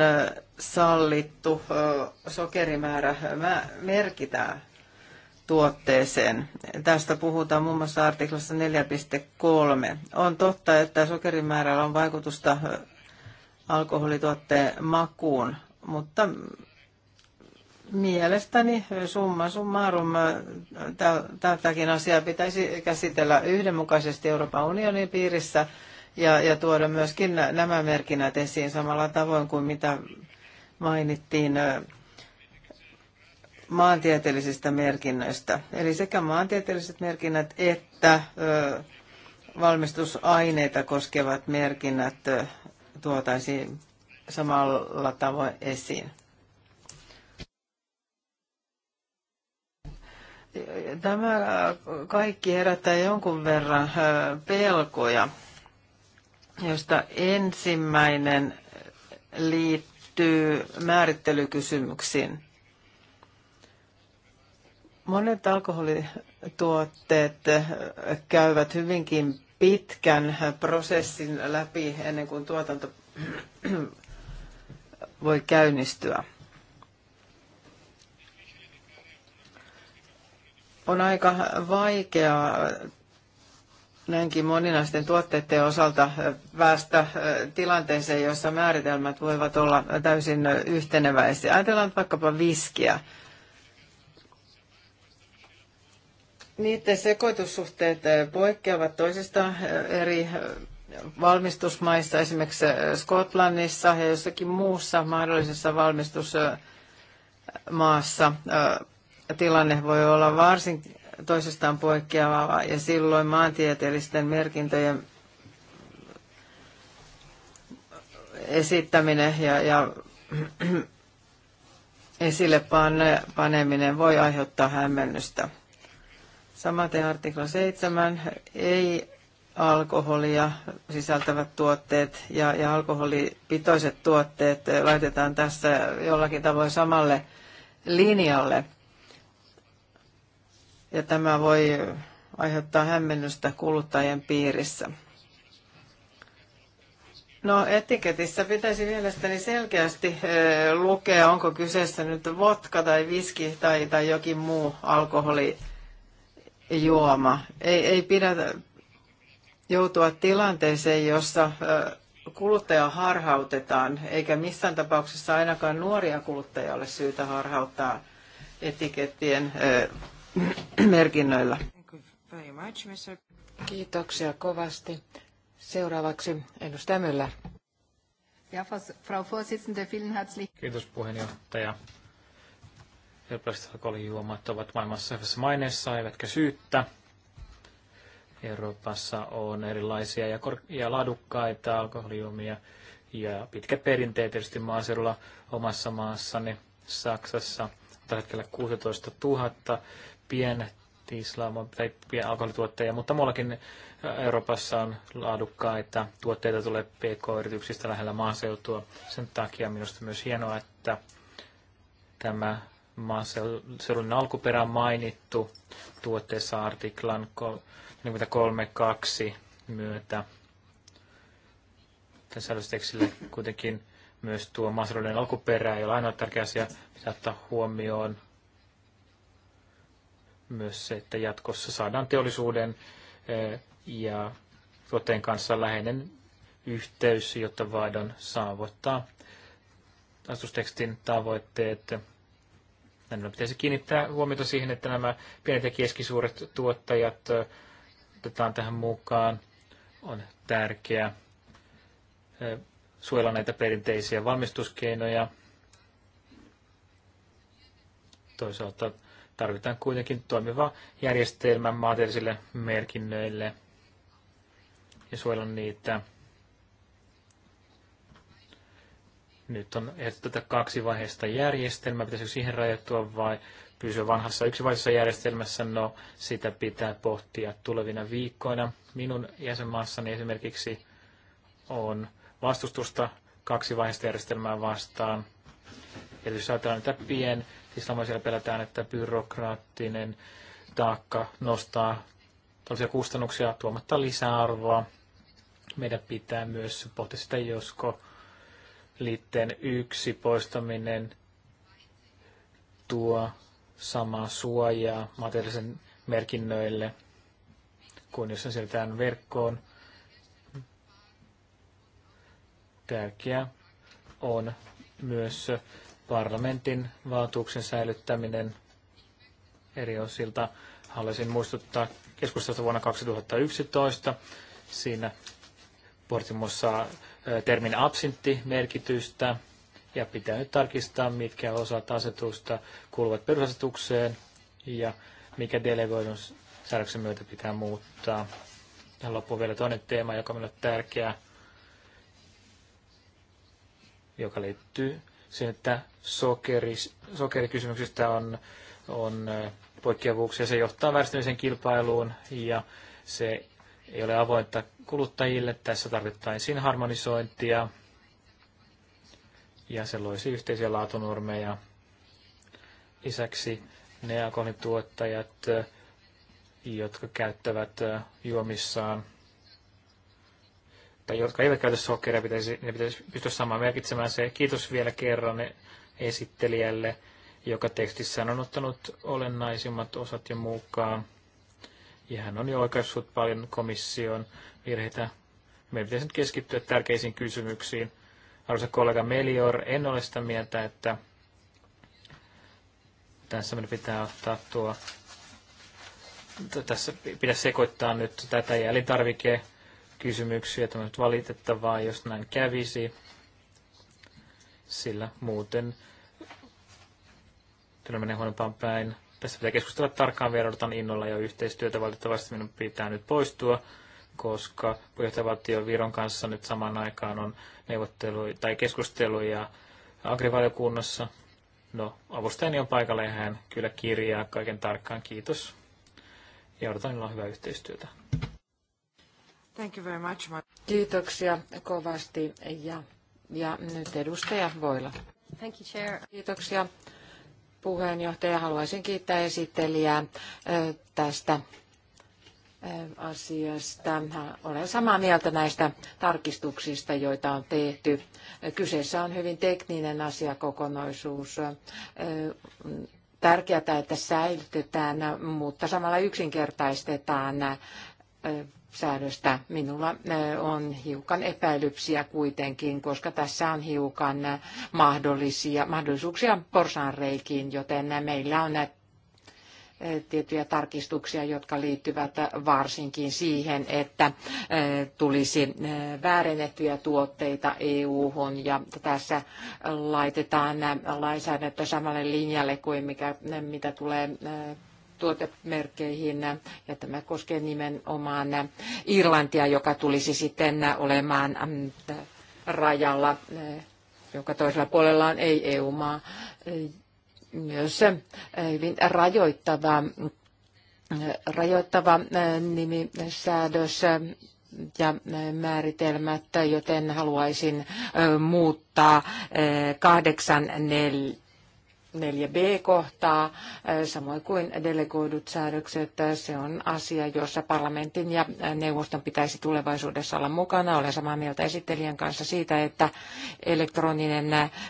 sallittu sokerimäärä merkitään tuotteeseen. Tästä puhutaan muun muassa artiklassa 4.3. On totta, että sokerimäärällä on vaikutusta alkoholituotteen makuun, mutta Mielestäni summa summarum äh, tätäkin asiaa pitäisi käsitellä yhdenmukaisesti Euroopan unionin piirissä ja, ja tuoda myöskin nämä merkinnät esiin samalla tavoin kuin mitä mainittiin äh, maantieteellisistä merkinnöistä. Eli sekä maantieteelliset merkinnät että äh, valmistusaineita koskevat merkinnät tuotaisiin samalla tavoin esiin. Tämä kaikki herättää jonkun verran pelkoja, josta ensimmäinen liittyy määrittelykysymyksiin. Monet alkoholituotteet käyvät hyvinkin pitkän prosessin läpi ennen kuin tuotanto voi käynnistyä. On aika vaikeaa näinkin moninaisten tuotteiden osalta päästä tilanteeseen, jossa määritelmät voivat olla täysin yhteneväisiä. Ajatellaan vaikkapa viskiä. Niiden sekoitussuhteet poikkeavat toisista eri valmistusmaissa, esimerkiksi Skotlannissa ja jossakin muussa mahdollisessa valmistusmaassa tilanne voi olla varsin toisestaan poikkeava ja silloin maantieteellisten merkintöjen esittäminen ja, ja esille pane, paneminen voi aiheuttaa hämmennystä. Samaten artikla 7, ei alkoholia sisältävät tuotteet ja, ja alkoholipitoiset tuotteet laitetaan tässä jollakin tavoin samalle linjalle – ja tämä voi aiheuttaa hämmennystä kuluttajien piirissä. No etiketissä pitäisi mielestäni selkeästi lukea, onko kyseessä nyt vodka tai viski tai, tai jokin muu alkoholijuoma. Ei, ei pidä joutua tilanteeseen, jossa kuluttaja harhautetaan, eikä missään tapauksessa ainakaan nuoria kuluttajia ole syytä harhauttaa etikettien merkinnöillä. Kiitoksia kovasti. Seuraavaksi edustaja Müller. Ja, Frau Vorsitzende, vielen herzlich. Kiitos puheenjohtaja. Helposti alkoholijuomat ovat maailmassa hyvässä maineessa, eivätkä syyttä. Euroopassa on erilaisia ja, kor- ja laadukkaita alkoholijuomia ja pitkät perinteet tietysti maaseudulla omassa maassani Saksassa. Tällä hetkellä 16 000 pien tiislaamo tai alkoholituotteja, mutta muuallakin Euroopassa on laadukkaita tuotteita tulee PK-yrityksistä lähellä maaseutua. Sen takia minusta myös hienoa, että tämä maaseudun alkuperä mainittu tuotteessa artiklan 43.2 myötä. Tässä säädöstekstille kuitenkin myös tuo maaseudun alkuperä ei ole ainoa tärkeä asia, pitää ottaa huomioon myös se, että jatkossa saadaan teollisuuden eh, ja tuotteen kanssa läheinen yhteys, jotta vaidon saavuttaa asustekstin tavoitteet. Näin pitäisi kiinnittää huomiota siihen, että nämä pienet ja keskisuuret tuottajat eh, otetaan tähän mukaan. On tärkeää eh, suojella näitä perinteisiä valmistuskeinoja. Toisaalta Tarvitaan kuitenkin toimiva järjestelmä maantieteellisille merkinnöille ja suojella niitä. Nyt on tätä kaksi vaiheista järjestelmää. Pitäisikö siihen rajoittua vai pysyä vanhassa yksivaiheisessa järjestelmässä? No, sitä pitää pohtia tulevina viikkoina. Minun jäsenmaassani esimerkiksi on vastustusta kaksivaiheista järjestelmää vastaan. Eli jos ajatellaan niitä pien Siis siellä pelätään, että byrokraattinen taakka nostaa tällaisia kustannuksia tuomatta lisäarvoa. Meidän pitää myös pohtia sitä, josko liitteen yksi poistaminen tuo samaa suojaa materiaalisen merkinnöille kuin jos sen siirretään verkkoon. Tärkeää on myös parlamentin valtuuksien säilyttäminen eri osilta. Haluaisin muistuttaa keskustelusta vuonna 2011. Siinä pohdittiin muassa termin absintti-merkitystä ja pitää nyt tarkistaa, mitkä osat asetusta kuuluvat perusasetukseen ja mikä delegoidun säädöksen myötä pitää muuttaa. Ja loppuun vielä toinen teema, joka on minulle tärkeä, joka liittyy se, että sokeri, sokerikysymyksistä on, on äh, poikkeavuuksia. Se johtaa vääristyneeseen kilpailuun ja se ei ole avointa kuluttajille. Tässä tarvittaisiin harmonisointia ja se loisi yhteisiä laatunormeja. Lisäksi ne alkoholituottajat, äh, jotka käyttävät äh, juomissaan tai jotka eivät käytä sokeria, pitäisi, ne pitäisi pystyä samaan merkitsemään se. Kiitos vielä kerran esittelijälle, joka tekstissään on ottanut olennaisimmat osat ja mukaan. Ja hän on jo oikaissut paljon komission virheitä. Meidän pitäisi nyt keskittyä tärkeisiin kysymyksiin. Arvoisa kollega Melior, en ole sitä mieltä, että tässä meidän pitää ottaa tuo, tässä pitäisi sekoittaa nyt tätä ja kysymyksiä. Tämä on nyt valitettavaa, jos näin kävisi, sillä muuten kyllä menee huonompaan päin. Tässä pitää keskustella tarkkaan vielä, odotan innolla jo yhteistyötä. Valitettavasti minun pitää nyt poistua, koska puheenjohtajavaltio Viron kanssa nyt samaan aikaan on neuvotteluja tai keskusteluja agrivaliokunnassa. No, avustajani on paikalla ja hän kyllä kirjaa kaiken tarkkaan. Kiitos. Ja odotan innolla hyvää yhteistyötä. Thank you very much, Kiitoksia kovasti ja, ja nyt edustaja Voila. Thank you, Chair. Kiitoksia puheenjohtaja. Haluaisin kiittää esittelijää tästä asiasta. Olen samaa mieltä näistä tarkistuksista, joita on tehty. Kyseessä on hyvin tekninen asiakokonaisuus. Tärkeää, että säilytetään, mutta samalla yksinkertaistetaan säädöstä. Minulla on hiukan epäilyksiä kuitenkin, koska tässä on hiukan mahdollisia, mahdollisuuksia porsaanreikiin, joten meillä on tiettyjä tarkistuksia, jotka liittyvät varsinkin siihen, että tulisi väärennettyjä tuotteita EU-hun ja tässä laitetaan lainsäädäntö samalle linjalle kuin mikä, mitä tulee tuotemerkkeihin, ja tämä koskee nimenomaan Irlantia, joka tulisi sitten olemaan mm, rajalla, eh, joka toisella puolella on ei-EU-maa, eh, myös eh, hyvin rajoittava, rajoittava nimisäädös ja määritelmät, joten haluaisin muuttaa kahdeksan nel, 4b-kohtaa, eh, samoin kuin delegoidut säädökset. Se on asia, jossa parlamentin ja neuvoston pitäisi tulevaisuudessa olla mukana. Olen samaa mieltä esittelijän kanssa siitä, että elektroninen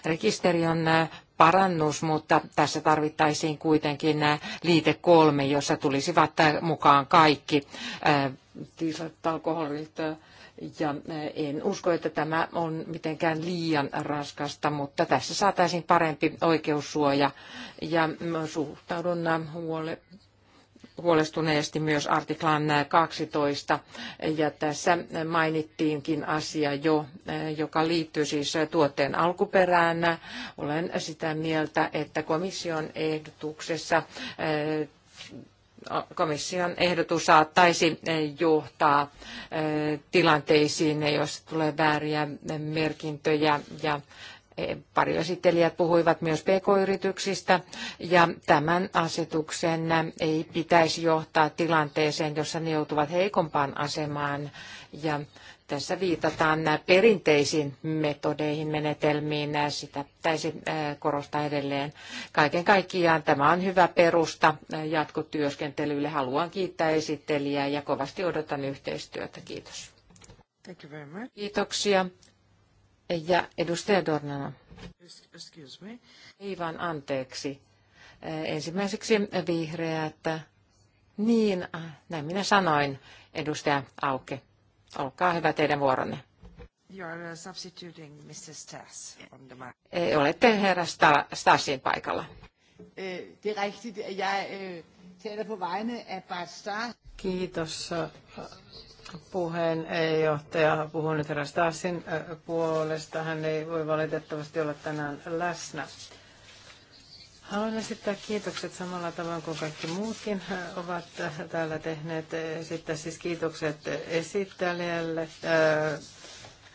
rekisteri on eh, parannus, mutta tässä tarvittaisiin kuitenkin eh, liite kolme, jossa tulisivat mukaan kaikki tilat, alkoholit, ja eh, en usko, että tämä on mitenkään liian raskasta, mutta tässä saataisiin parempi oikeussuoja ja mm, suhtaudun eh, huole, huolestuneesti myös artiklan 12 eh, ja tässä mainittiinkin asia jo, joka liittyy siis tuotteen alkuperään. Olen sitä mieltä, että komission ehdotuksessa komission ehdotus saattaisi johtaa tilanteisiin, jos tulee vääriä merkintöjä ja Pari e, esittelijät puhuivat myös pk-yrityksistä ja tämän asetuksen ei pitäisi johtaa tilanteeseen, jossa ne joutuvat heikompaan asemaan ja tässä viitataan perinteisiin metodeihin, menetelmiin. Sitä pitäisi korostaa edelleen. Kaiken kaikkiaan tämä on hyvä perusta jatkotyöskentelylle. Haluan kiittää esittelijää ja kovasti odotan yhteistyötä. Kiitos. Thank you very much. Kiitoksia. Ja edustaja Dornana. Excuse me. Ei vaan anteeksi. Ensimmäiseksi vihreät. Niin, näin minä sanoin, edustaja Auke. Olkaa hyvä teidän vuoronne. You're uh, substituting Mrs. Stas from the market. Olette herra Stasin paikalla. Øh, er øh, Kiitos äh, puheenjohtaja. Puhun nyt herra Stasin äh, puolesta. Hän ei voi valitettavasti olla tänään läsnä. Haluan esittää kiitokset samalla tavalla kuin kaikki muutkin äh, ovat äh, täällä tehneet. Esittää siis kiitokset esittelijälle äh,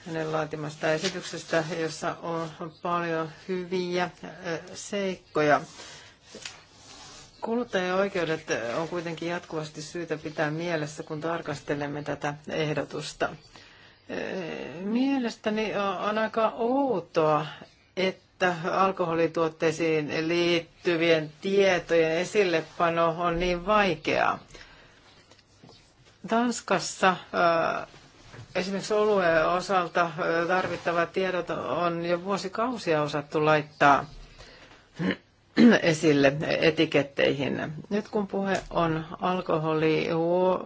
hänen laatimasta esityksestä, jossa on paljon hyviä seikkoja. Kuluttajaoikeudet on kuitenkin jatkuvasti syytä pitää mielessä, kun tarkastelemme tätä ehdotusta. Mielestäni on aika outoa, että että alkoholituotteisiin liittyvien tietojen esillepano on niin vaikeaa. Tanskassa äh, esimerkiksi oluen osalta äh, tarvittavat tiedot on jo vuosikausia osattu laittaa esille etiketteihin. Nyt kun puhe on alkoholi,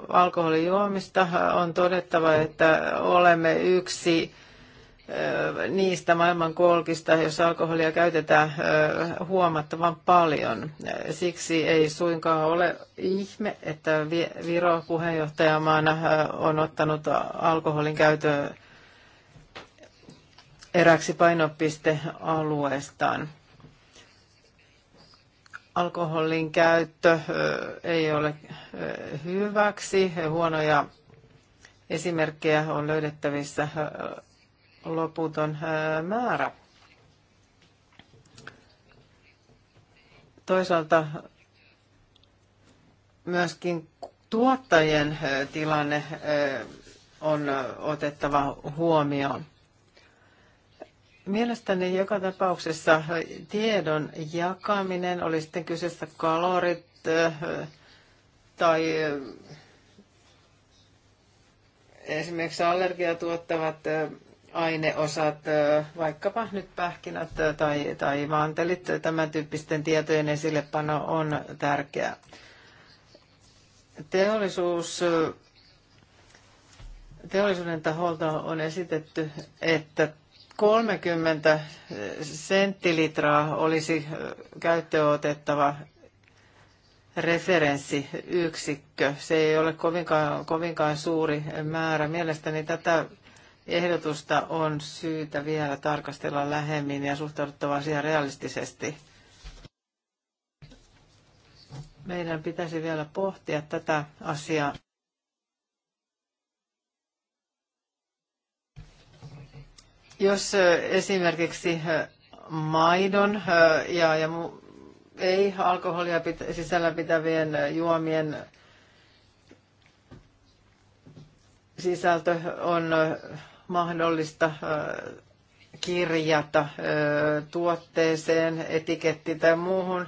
alkoholijuomista, äh, on todettava, että olemme yksi niistä maailmankolkista, jos alkoholia käytetään huomattavan paljon. Siksi ei suinkaan ole ihme, että Viro puheenjohtajamaana on ottanut alkoholin käytön eräksi painopistealueestaan. Alkoholin käyttö ei ole hyväksi. Huonoja esimerkkejä on löydettävissä loputon määrä. Toisaalta myöskin tuottajien tilanne on otettava huomioon. Mielestäni joka tapauksessa tiedon jakaminen, oli sitten kyseessä kalorit tai esimerkiksi allergia tuottavat aineosat, vaikkapa nyt pähkinät tai, tai mantelit, tämän tyyppisten tietojen esillepano on tärkeää. Teollisuus, teollisuuden taholta on esitetty, että 30 senttilitraa olisi käyttöotettava referenssiyksikkö. Se ei ole kovinkaan, kovinkaan suuri määrä. Mielestäni tätä ehdotusta on syytä vielä tarkastella lähemmin ja suhtauduttava asiaan realistisesti. Meidän pitäisi vielä pohtia tätä asiaa. Jos esimerkiksi maidon ja, ja ei alkoholia pitä, sisällä pitävien juomien sisältö on mahdollista kirjata tuotteeseen, etiketti tai muuhun,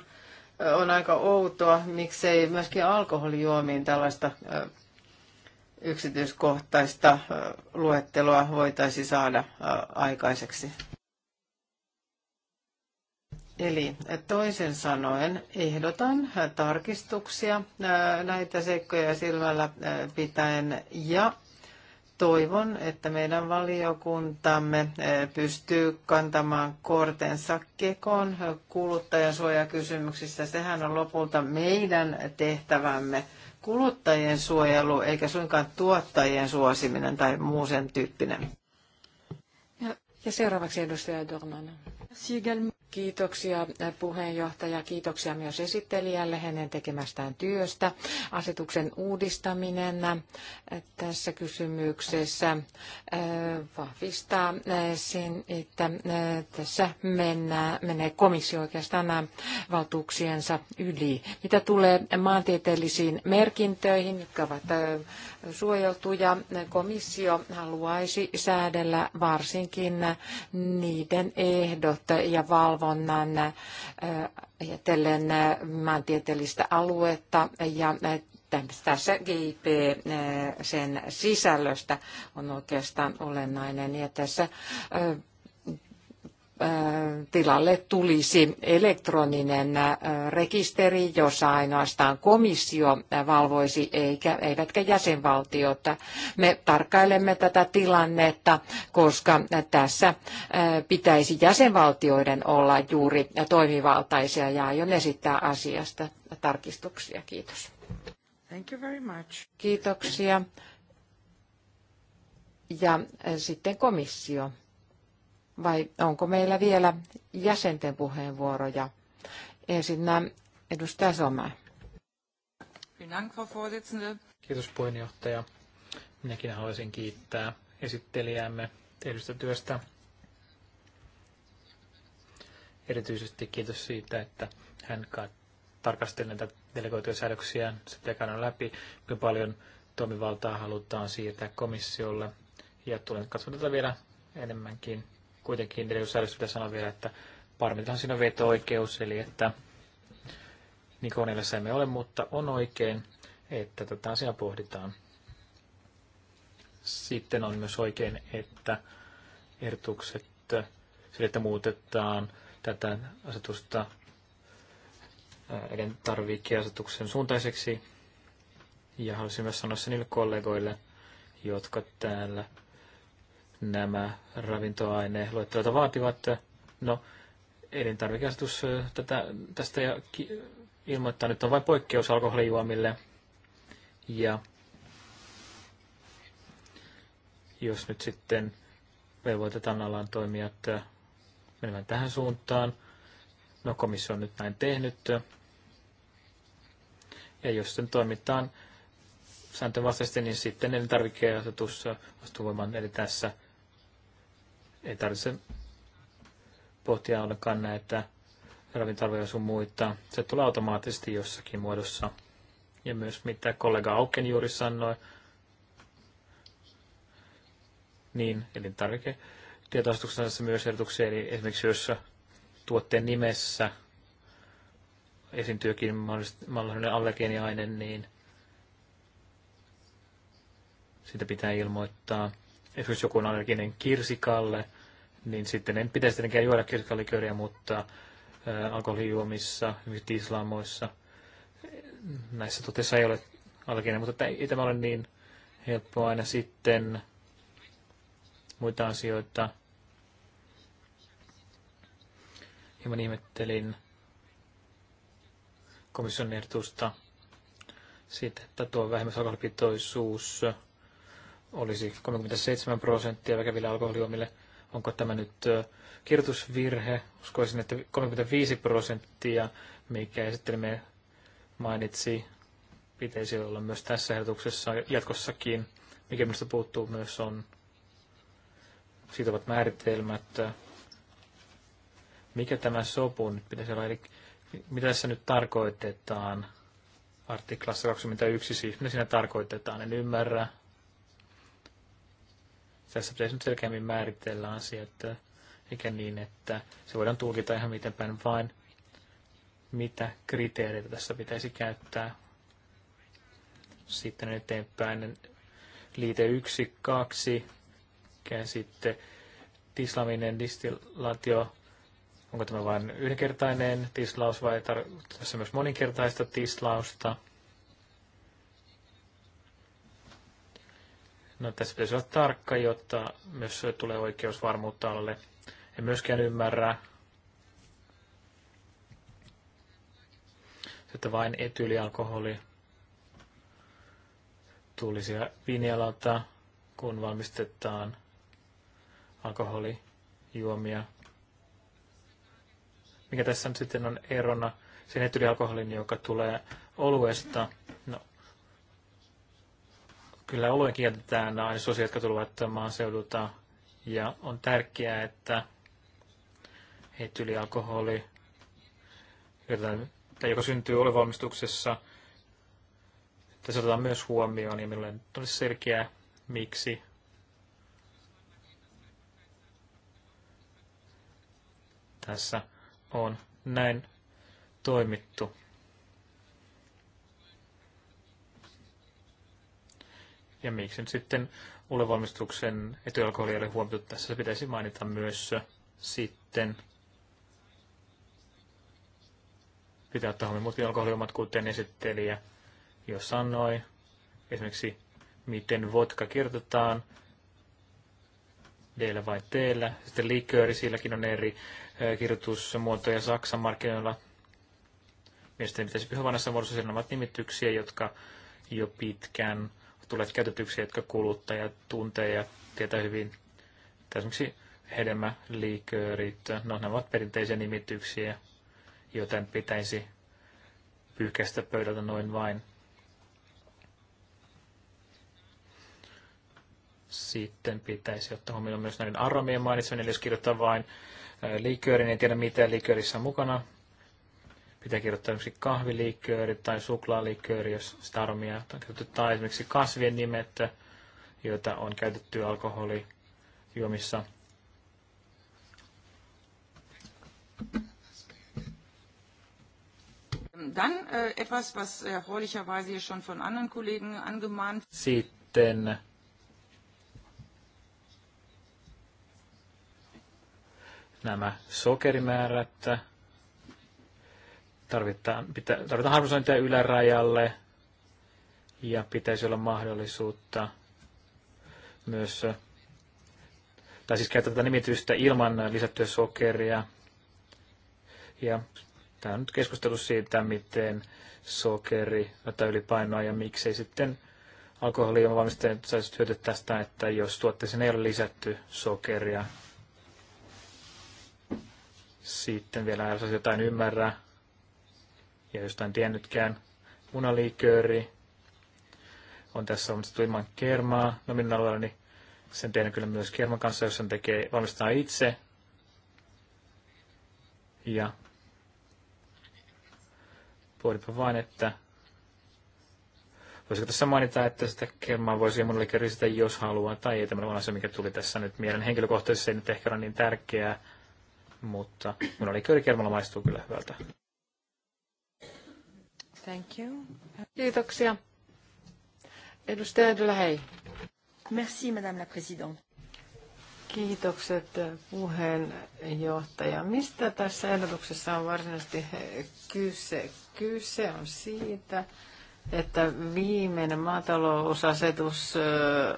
on aika outoa, miksei myöskin alkoholijuomiin tällaista yksityiskohtaista luettelua voitaisi saada aikaiseksi. Eli toisen sanoen ehdotan tarkistuksia näitä seikkoja silmällä pitäen ja Toivon, että meidän valiokuntamme eh, pystyy kantamaan kortensa kekoon suojakysymyksissä. Sehän on lopulta meidän tehtävämme kuluttajien suojelu, eikä suinkaan tuottajien suosiminen tai muu sen tyyppinen. Ja seuraavaksi edustaja Dornanen. Kiitoksia eh, puheenjohtaja, kiitoksia myös esittelijälle hänen tekemästään työstä. Asetuksen uudistaminen eh, tässä kysymyksessä eh, vahvistaa sen, että tässä mennään, menee komissio oikeastaan valtuuksiensa yli. Mitä tulee maantieteellisiin merkintöihin, jotka ovat suojeltuja, komissio haluaisi säädellä varsinkin niiden ehdot, säännöt ja valvonnan ajatellen maantieteellistä aluetta ja tässä GIP sen sisällöstä on oikeastaan olennainen. Ja tässä tilalle tulisi elektroninen rekisteri, jossa ainoastaan komissio valvoisi eikä, eivätkä jäsenvaltiot. Me tarkkailemme tätä tilannetta, koska tässä pitäisi jäsenvaltioiden olla juuri toimivaltaisia ja aion esittää asiasta tarkistuksia. Kiitos. Thank you very much. Kiitoksia. Ja sitten komissio vai onko meillä vielä jäsenten puheenvuoroja? Ensinnä edustaja Soma. Kiitos puheenjohtaja. Minäkin haluaisin kiittää esittelijäämme tehdystä työstä. Erityisesti kiitos siitä, että hän tarkasteli näitä delegoituja säädöksiä sitten läpi, kuinka paljon toimivaltaa halutaan siirtää komissiolle. Ja tulen katsomaan tätä vielä enemmänkin Kuitenkin edellisessä pitää sanoa vielä, että parmillahan siinä on veto-oikeus, eli että Nikonilla se emme ole, mutta on oikein, että tätä asiaa pohditaan. Sitten on myös oikein, että ehdotukset sille, että muutetaan tätä asetusta elintarvikeasetuksen suuntaiseksi. Ja haluaisin myös sanoa sen niille kollegoille, jotka täällä nämä ravintoaineluettelot vaativat. No, elintarvikeasetus tätä, tästä ilmoittaa nyt on vain poikkeus alkoholijuomille. Ja jos nyt sitten velvoitetaan alan toimijat menemään tähän suuntaan, no komissio on nyt näin tehnyt, ja jos sitten toimitaan sääntöön vastaisesti, niin sitten elintarvikeasetus astuu voimaan. Eli tässä ei tarvitse pohtia ollenkaan näitä ravintarvoja sun muita. Se tulee automaattisesti jossakin muodossa. Ja myös mitä kollega Auken juuri sanoi, niin elintarvike tietoastuksessa myös ehdotuksia, eli esimerkiksi jos tuotteen nimessä esiintyykin mahdollinen allergeeniaine, niin sitä pitää ilmoittaa jos joku on allerginen kirsikalle, niin sitten en pitäisi tietenkään juoda kirsikalliköriä, mutta alkoholijuomissa, tislaamoissa, näissä totessa ei ole allerginen, mutta ei tämä ole niin helppoa aina sitten muita asioita. Hieman ihmettelin komission ehdotusta siitä, että tuo vähemmäs alkoholipitoisuus olisi 37 prosenttia väkeville alkoholijuomille. Onko tämä nyt kirjoitusvirhe? Uskoisin, että 35 prosenttia, mikä esittelemme mainitsi, pitäisi olla myös tässä ehdotuksessa jatkossakin. Mikä minusta puuttuu myös on sitovat määritelmät, mikä tämä sopu nyt pitäisi olla, eli mitä tässä nyt tarkoitetaan artiklassa 21 siis, mitä siinä tarkoitetaan, en ymmärrä, tässä pitäisi nyt selkeämmin määritellä asia, että äh, eikä niin, että se voidaan tulkita ihan miten päin vain, mitä kriteereitä tässä pitäisi käyttää. Sitten eteenpäin liite 1, 2, käsitte tislaminen distillaatio, onko tämä vain yhdenkertainen tislaus vai tässä myös moninkertaista tislausta. No tässä pitäisi olla tarkka, jotta myös tulee oikeusvarmuutta alle. En myöskään ymmärrä, että vain etylialkoholi tulisi viinialalta, kun valmistetaan alkoholijuomia. Mikä tässä nyt sitten on erona sen etylialkoholin, joka tulee oluesta? No, kyllä kieltetään jätetään ainesosia, jotka tulevat maaseudulta. Ja on tärkeää, että etylialkoholi, joka syntyy olevalmistuksessa, että se otetaan myös huomioon, ja minulle olisi selkeää, miksi tässä on näin toimittu. Ja miksi nyt sitten ulevalmistuksen etyalkoholi oli huomioitu tässä, se pitäisi mainita myös sitten. Pitää ottaa huomioon muutkin alkoholiomat, kuten esittelijä jos sanoi. Esimerkiksi miten vodka kirjoitetaan, d vai t Sitten liikööri, silläkin on eri kirjoitusmuotoja Saksan markkinoilla. Mielestäni pitäisi Pyhävanassa muodossa sen nimityksiä, jotka jo pitkään tulet käytetyksi, jotka kuluttaja tuntee ja tietää hyvin. Tai esimerkiksi hedelmäliiköörit, no nämä ovat perinteisiä nimityksiä, joten pitäisi pyyhkäistä pöydältä noin vain. Sitten pitäisi ottaa huomioon myös näiden aromien mainitseminen, eli jos kirjoittaa vain liiköörin, niin ei tiedä mitä liikööriissä on mukana, pitää kirjoittaa esimerkiksi kahviliikööri tai suklaaliikööri, jos sitä aromia on käytetty, tai esimerkiksi kasvien nimet, joita on käytetty alkoholijuomissa. Dann äh, etwas, was äh, erfreulicherweise hier schon von anderen Kollegen angemahnt. Sitten nämä sokerimäärät tarvitaan, pitä, tarvitaan harmonisointia ylärajalle ja pitäisi olla mahdollisuutta myös, tai siis käyttää tätä nimitystä ilman lisättyä sokeria. Ja tämä on nyt keskustelu siitä, miten sokeri tai ylipainoa ja miksei sitten valmistajat saisi hyötyä tästä, että jos tuotteeseen ei ole lisätty sokeria. Sitten vielä, jos jotain ymmärrä, ja jostain tiennytkään, munaliikööri on tässä valmistettu ilman kermaa. No minun alueellani sen tehdään kyllä myös kerman kanssa, jos sen tekee, valmistaa itse. Ja pohdinpa vain, että voisiko tässä mainita, että sitä kermaa voisi monelle kerristä, jos haluaa, tai ei tämmöinen asia, mikä tuli tässä nyt mielen henkilökohtaisesti, se ei nyt ehkä ole niin tärkeää, mutta mun oli kermalla maistuu kyllä hyvältä. Thank you. Kiitoksia. Edustaja Edellä, hei. Merci, Madame la Présidente. Kiitokset eh, puheenjohtaja. Mistä tässä ehdotuksessa on varsinaisesti eh, kyse? Kyse on siitä, että viimeinen maatalousasetus eh,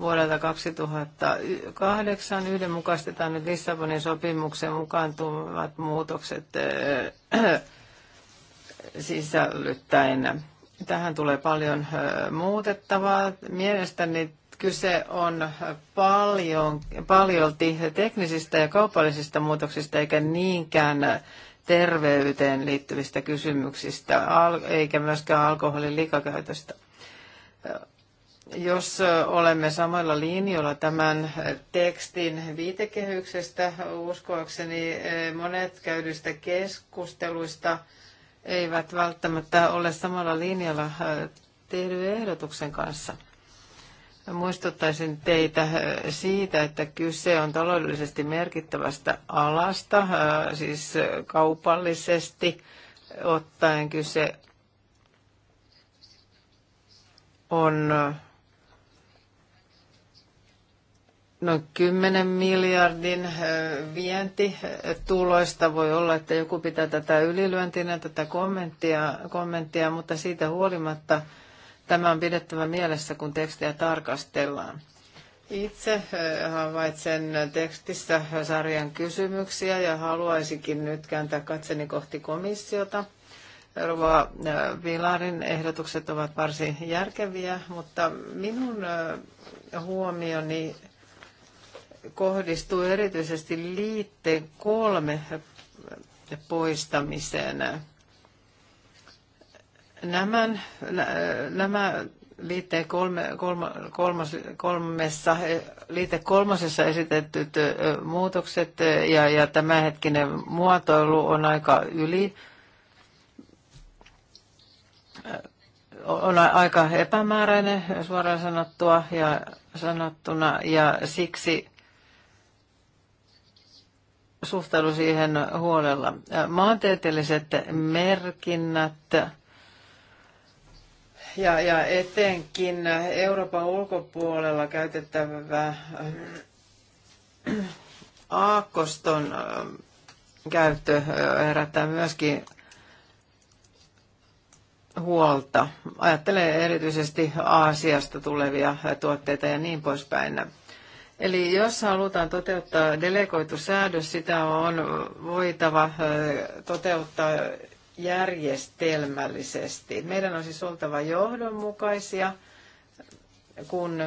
vuodelta 2008 yhdenmukaistetaan nyt Lissabonin sopimuksen mukaan tulevat muutokset sisällyttäen. Tähän tulee paljon muutettavaa. Mielestäni kyse on paljon, paljolti teknisistä ja kaupallisista muutoksista, eikä niinkään terveyteen liittyvistä kysymyksistä, eikä myöskään alkoholin likakäytöstä. Jos olemme samalla linjoilla tämän tekstin viitekehyksestä, uskoakseni monet käydyistä keskusteluista – eivät välttämättä ole samalla linjalla äh, tehdyn ehdotuksen kanssa. Muistuttaisin teitä äh, siitä, että kyse on taloudellisesti merkittävästä alasta, äh, siis kaupallisesti ottaen kyse on noin 10 miljardin vientituloista. Voi olla, että joku pitää tätä ylilyöntinä, tätä kommenttia, kommenttia, mutta siitä huolimatta tämä on pidettävä mielessä, kun tekstiä tarkastellaan. Itse havaitsen tekstissä sarjan kysymyksiä ja haluaisinkin nyt kääntää katseni kohti komissiota. Rova Vilarin ehdotukset ovat varsin järkeviä, mutta minun huomioni kohdistuu erityisesti liitteen kolme poistamiseen. Nämä, nämä liitteen kolme, kolma, kolmas, kolmessa, liite kolmosessa esitetyt muutokset ja, ja tämänhetkinen muotoilu on aika yli on aika epämääräinen suoraan sanottua ja sanottuna ja siksi suhtaudun siihen huolella. Maantieteelliset merkinnät ja, ja etenkin Euroopan ulkopuolella käytettävä aakkoston käyttö herättää myöskin huolta. Ajattelen erityisesti Aasiasta tulevia tuotteita ja niin poispäin. Eli jos halutaan toteuttaa delegoitu säädös, sitä on voitava toteuttaa järjestelmällisesti. Meidän on siis oltava johdonmukaisia, kun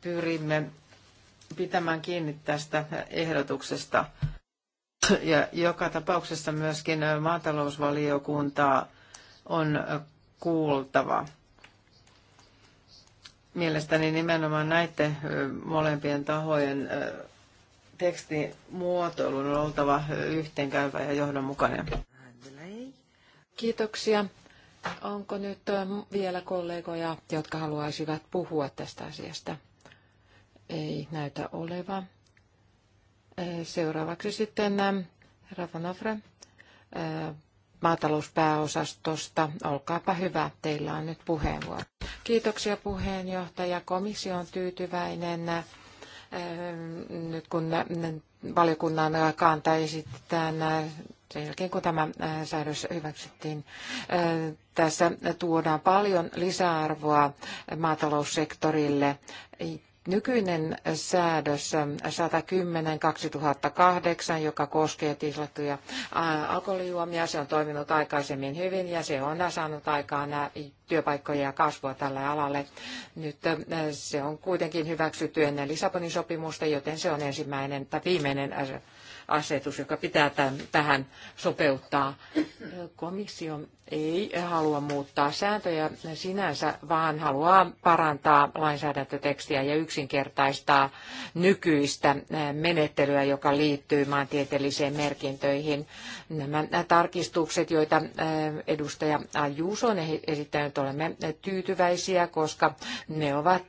pyrimme pitämään kiinni tästä ehdotuksesta. Ja joka tapauksessa myöskin maatalousvaliokuntaa on kuultava. Mielestäni nimenomaan näiden molempien tahojen tekstimuotoilun muotoilun on oltava yhteenkäyvä ja johdonmukainen. Kiitoksia. Onko nyt vielä kollegoja, jotka haluaisivat puhua tästä asiasta? Ei näytä oleva. Seuraavaksi sitten Rafa Nofre maatalouspääosastosta. Olkaapa hyvä, teillä on nyt puheenvuoro. Kiitoksia puheenjohtaja. Komissio on tyytyväinen äh, nyt kun valiokunnan kanta esitetään äh, sen jälkeen, kun tämä äh, säädös hyväksyttiin. Tässä tuodaan paljon lisäarvoa maataloussektorille Nykyinen säädös 110-2008, joka koskee tislattuja alkoholijuomia, se on toiminut aikaisemmin hyvin ja se on saanut aikaan työpaikkoja ja kasvua tälle alalle. Nyt se on kuitenkin hyväksytty ennen Lissabonin sopimusta, joten se on ensimmäinen tai viimeinen asetus, joka pitää tämän, tähän sopeuttaa. Komissio ei halua muuttaa sääntöjä sinänsä, vaan haluaa parantaa lainsäädäntötekstiä ja yksinkertaistaa nykyistä menettelyä, joka liittyy maantieteellisiin merkintöihin. Nämä tarkistukset, joita eh, edustaja Juuso on esittänyt, olemme tyytyväisiä, koska ne ovat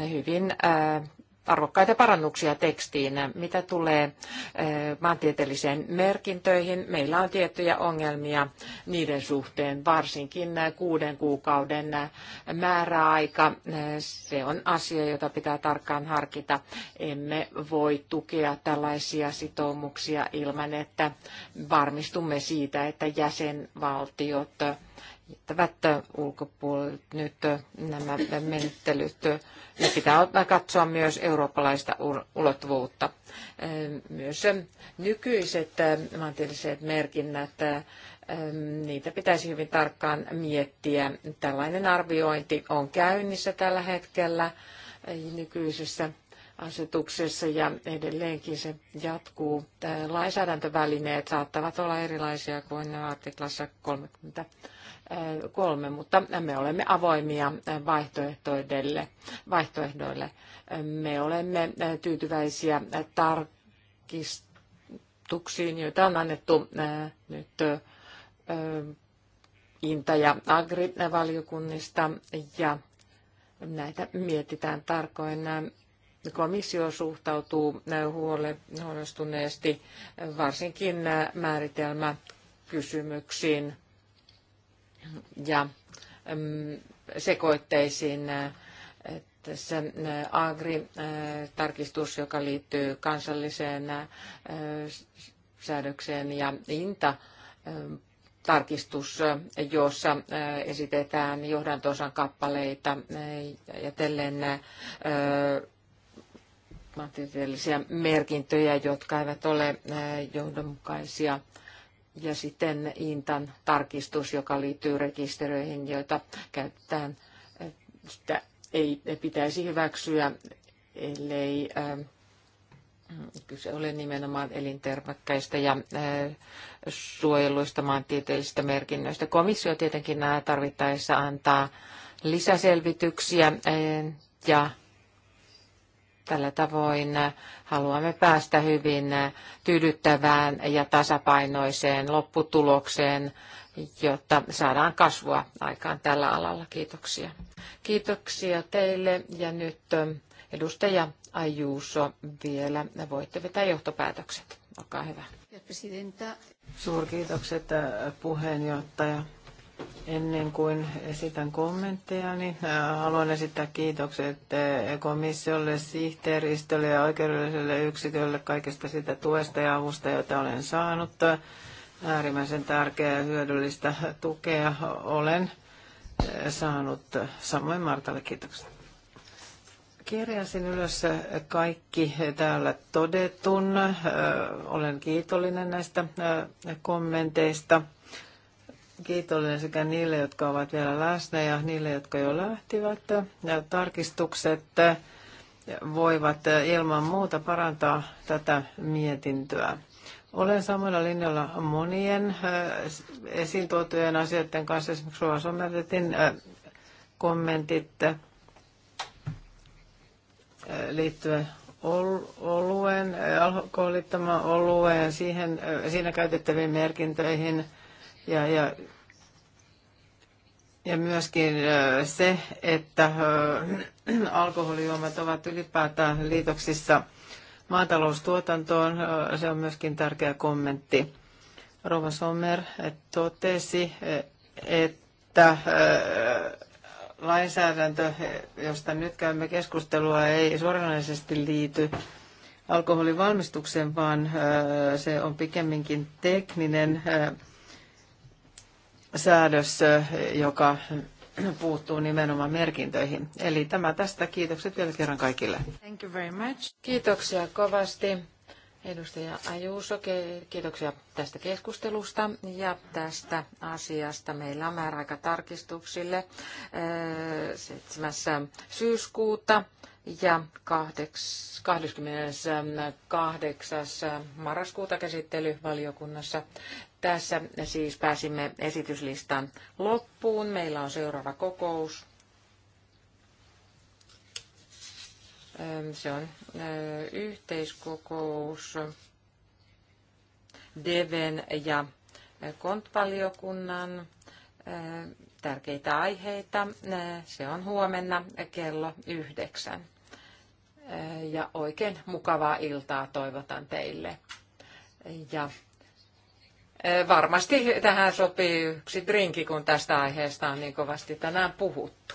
eh, hyvin eh, arvokkaita parannuksia tekstiin. Mitä tulee eh, maantieteelliseen merkintöihin, meillä on tiettyjä ongelmia niiden suhteen, varsinkin kuuden kuukauden määräaika. Eh, se on asia, jota pitää tarkkaan harkita. Emme voi tukea tällaisia sitoumuksia ilman, että varmistumme siitä, että jäsenvaltiot jättävät ulkopuolelle nyt nämä menettelyt. Ne pitää katsoa myös eurooppalaista ulottuvuutta. Ehm, myös nykyiset ehm, maantieteelliset merkinnät, ehm, niitä pitäisi hyvin tarkkaan miettiä. Tällainen arviointi on käynnissä tällä hetkellä eh, nykyisessä asetuksessa ja edelleenkin se jatkuu. Lainsäädäntövälineet saattavat olla erilaisia kuin artiklassa 30 kolme, mutta me olemme avoimia vaihtoehdoille. vaihtoehdoille. Me olemme tyytyväisiä tarkistuksiin, joita on annettu nyt Inta- ja Agri-valiokunnista ja näitä mietitään tarkoin. Komissio suhtautuu huole, huolestuneesti varsinkin määritelmäkysymyksiin ja sekoitteisiin tässä Agri-tarkistus, joka liittyy kansalliseen säädökseen ja Inta tarkistus, jossa esitetään johdantosan kappaleita ja maantieteellisiä merkintöjä, jotka eivät ole johdonmukaisia. Ja sitten Intan tarkistus, joka liittyy rekisteröihin, joita käytetään, että ei pitäisi hyväksyä, ellei ähm, kyse ole nimenomaan elintervekkäistä ja äh, suojeluista maantieteellisistä merkinnöistä. Komissio tietenkin nämä tarvittaessa antaa lisäselvityksiä äh, ja Tällä tavoin haluamme päästä hyvin tyydyttävään ja tasapainoiseen lopputulokseen, jotta saadaan kasvua aikaan tällä alalla. Kiitoksia. Kiitoksia teille ja nyt edustaja Ajuuso vielä. Voitte vetää johtopäätökset. Olkaa hyvä. Suurkiitokset puheenjohtaja. Ennen kuin esitän kommentteja, niin haluan esittää kiitokset komissiolle, sihteeristölle ja oikeudelliselle yksikölle kaikesta sitä tuesta ja avusta, jota olen saanut. Äärimmäisen tärkeää ja hyödyllistä tukea olen saanut. Samoin Martalle kiitokset. Kirjasin ylös kaikki täällä todetun. Olen kiitollinen näistä kommenteista kiitollinen sekä niille, jotka ovat vielä läsnä ja niille, jotka jo lähtivät. Ja tarkistukset voivat ilman muuta parantaa tätä mietintöä. Olen samalla linjalla monien äh, esiin tuotujen asioiden kanssa, esimerkiksi Sommertetin äh, kommentit äh, liittyen oluen, alkoholittamaan olueen, siihen, siinä käytettäviin merkintöihin ja, ja ja myöskin se, että alkoholijuomat ovat ylipäätään liitoksissa maataloustuotantoon, se on myöskin tärkeä kommentti. Rova Sommer totesi, että lainsäädäntö, josta nyt käymme keskustelua, ei suoranaisesti liity alkoholivalmistukseen, vaan se on pikemminkin tekninen säädös, joka puuttuu nimenomaan merkintöihin. Eli tämä tästä. Kiitokset vielä kerran kaikille. Thank you very much. Kiitoksia kovasti. Edustaja Ajuuso, kiitoksia tästä keskustelusta ja tästä asiasta. Meillä on määräaika tarkistuksille 7. syyskuuta ja 28. marraskuuta käsittely valiokunnassa. Tässä siis pääsimme esityslistan loppuun. Meillä on seuraava kokous. Se on yhteiskokous Deven ja kontvaliokunnan tärkeitä aiheita. Se on huomenna kello yhdeksän. Ja oikein mukavaa iltaa toivotan teille. Ja Eh, varmasti tähän sopii yksi drinki, kun tästä aiheesta on niin kovasti tänään puhuttu.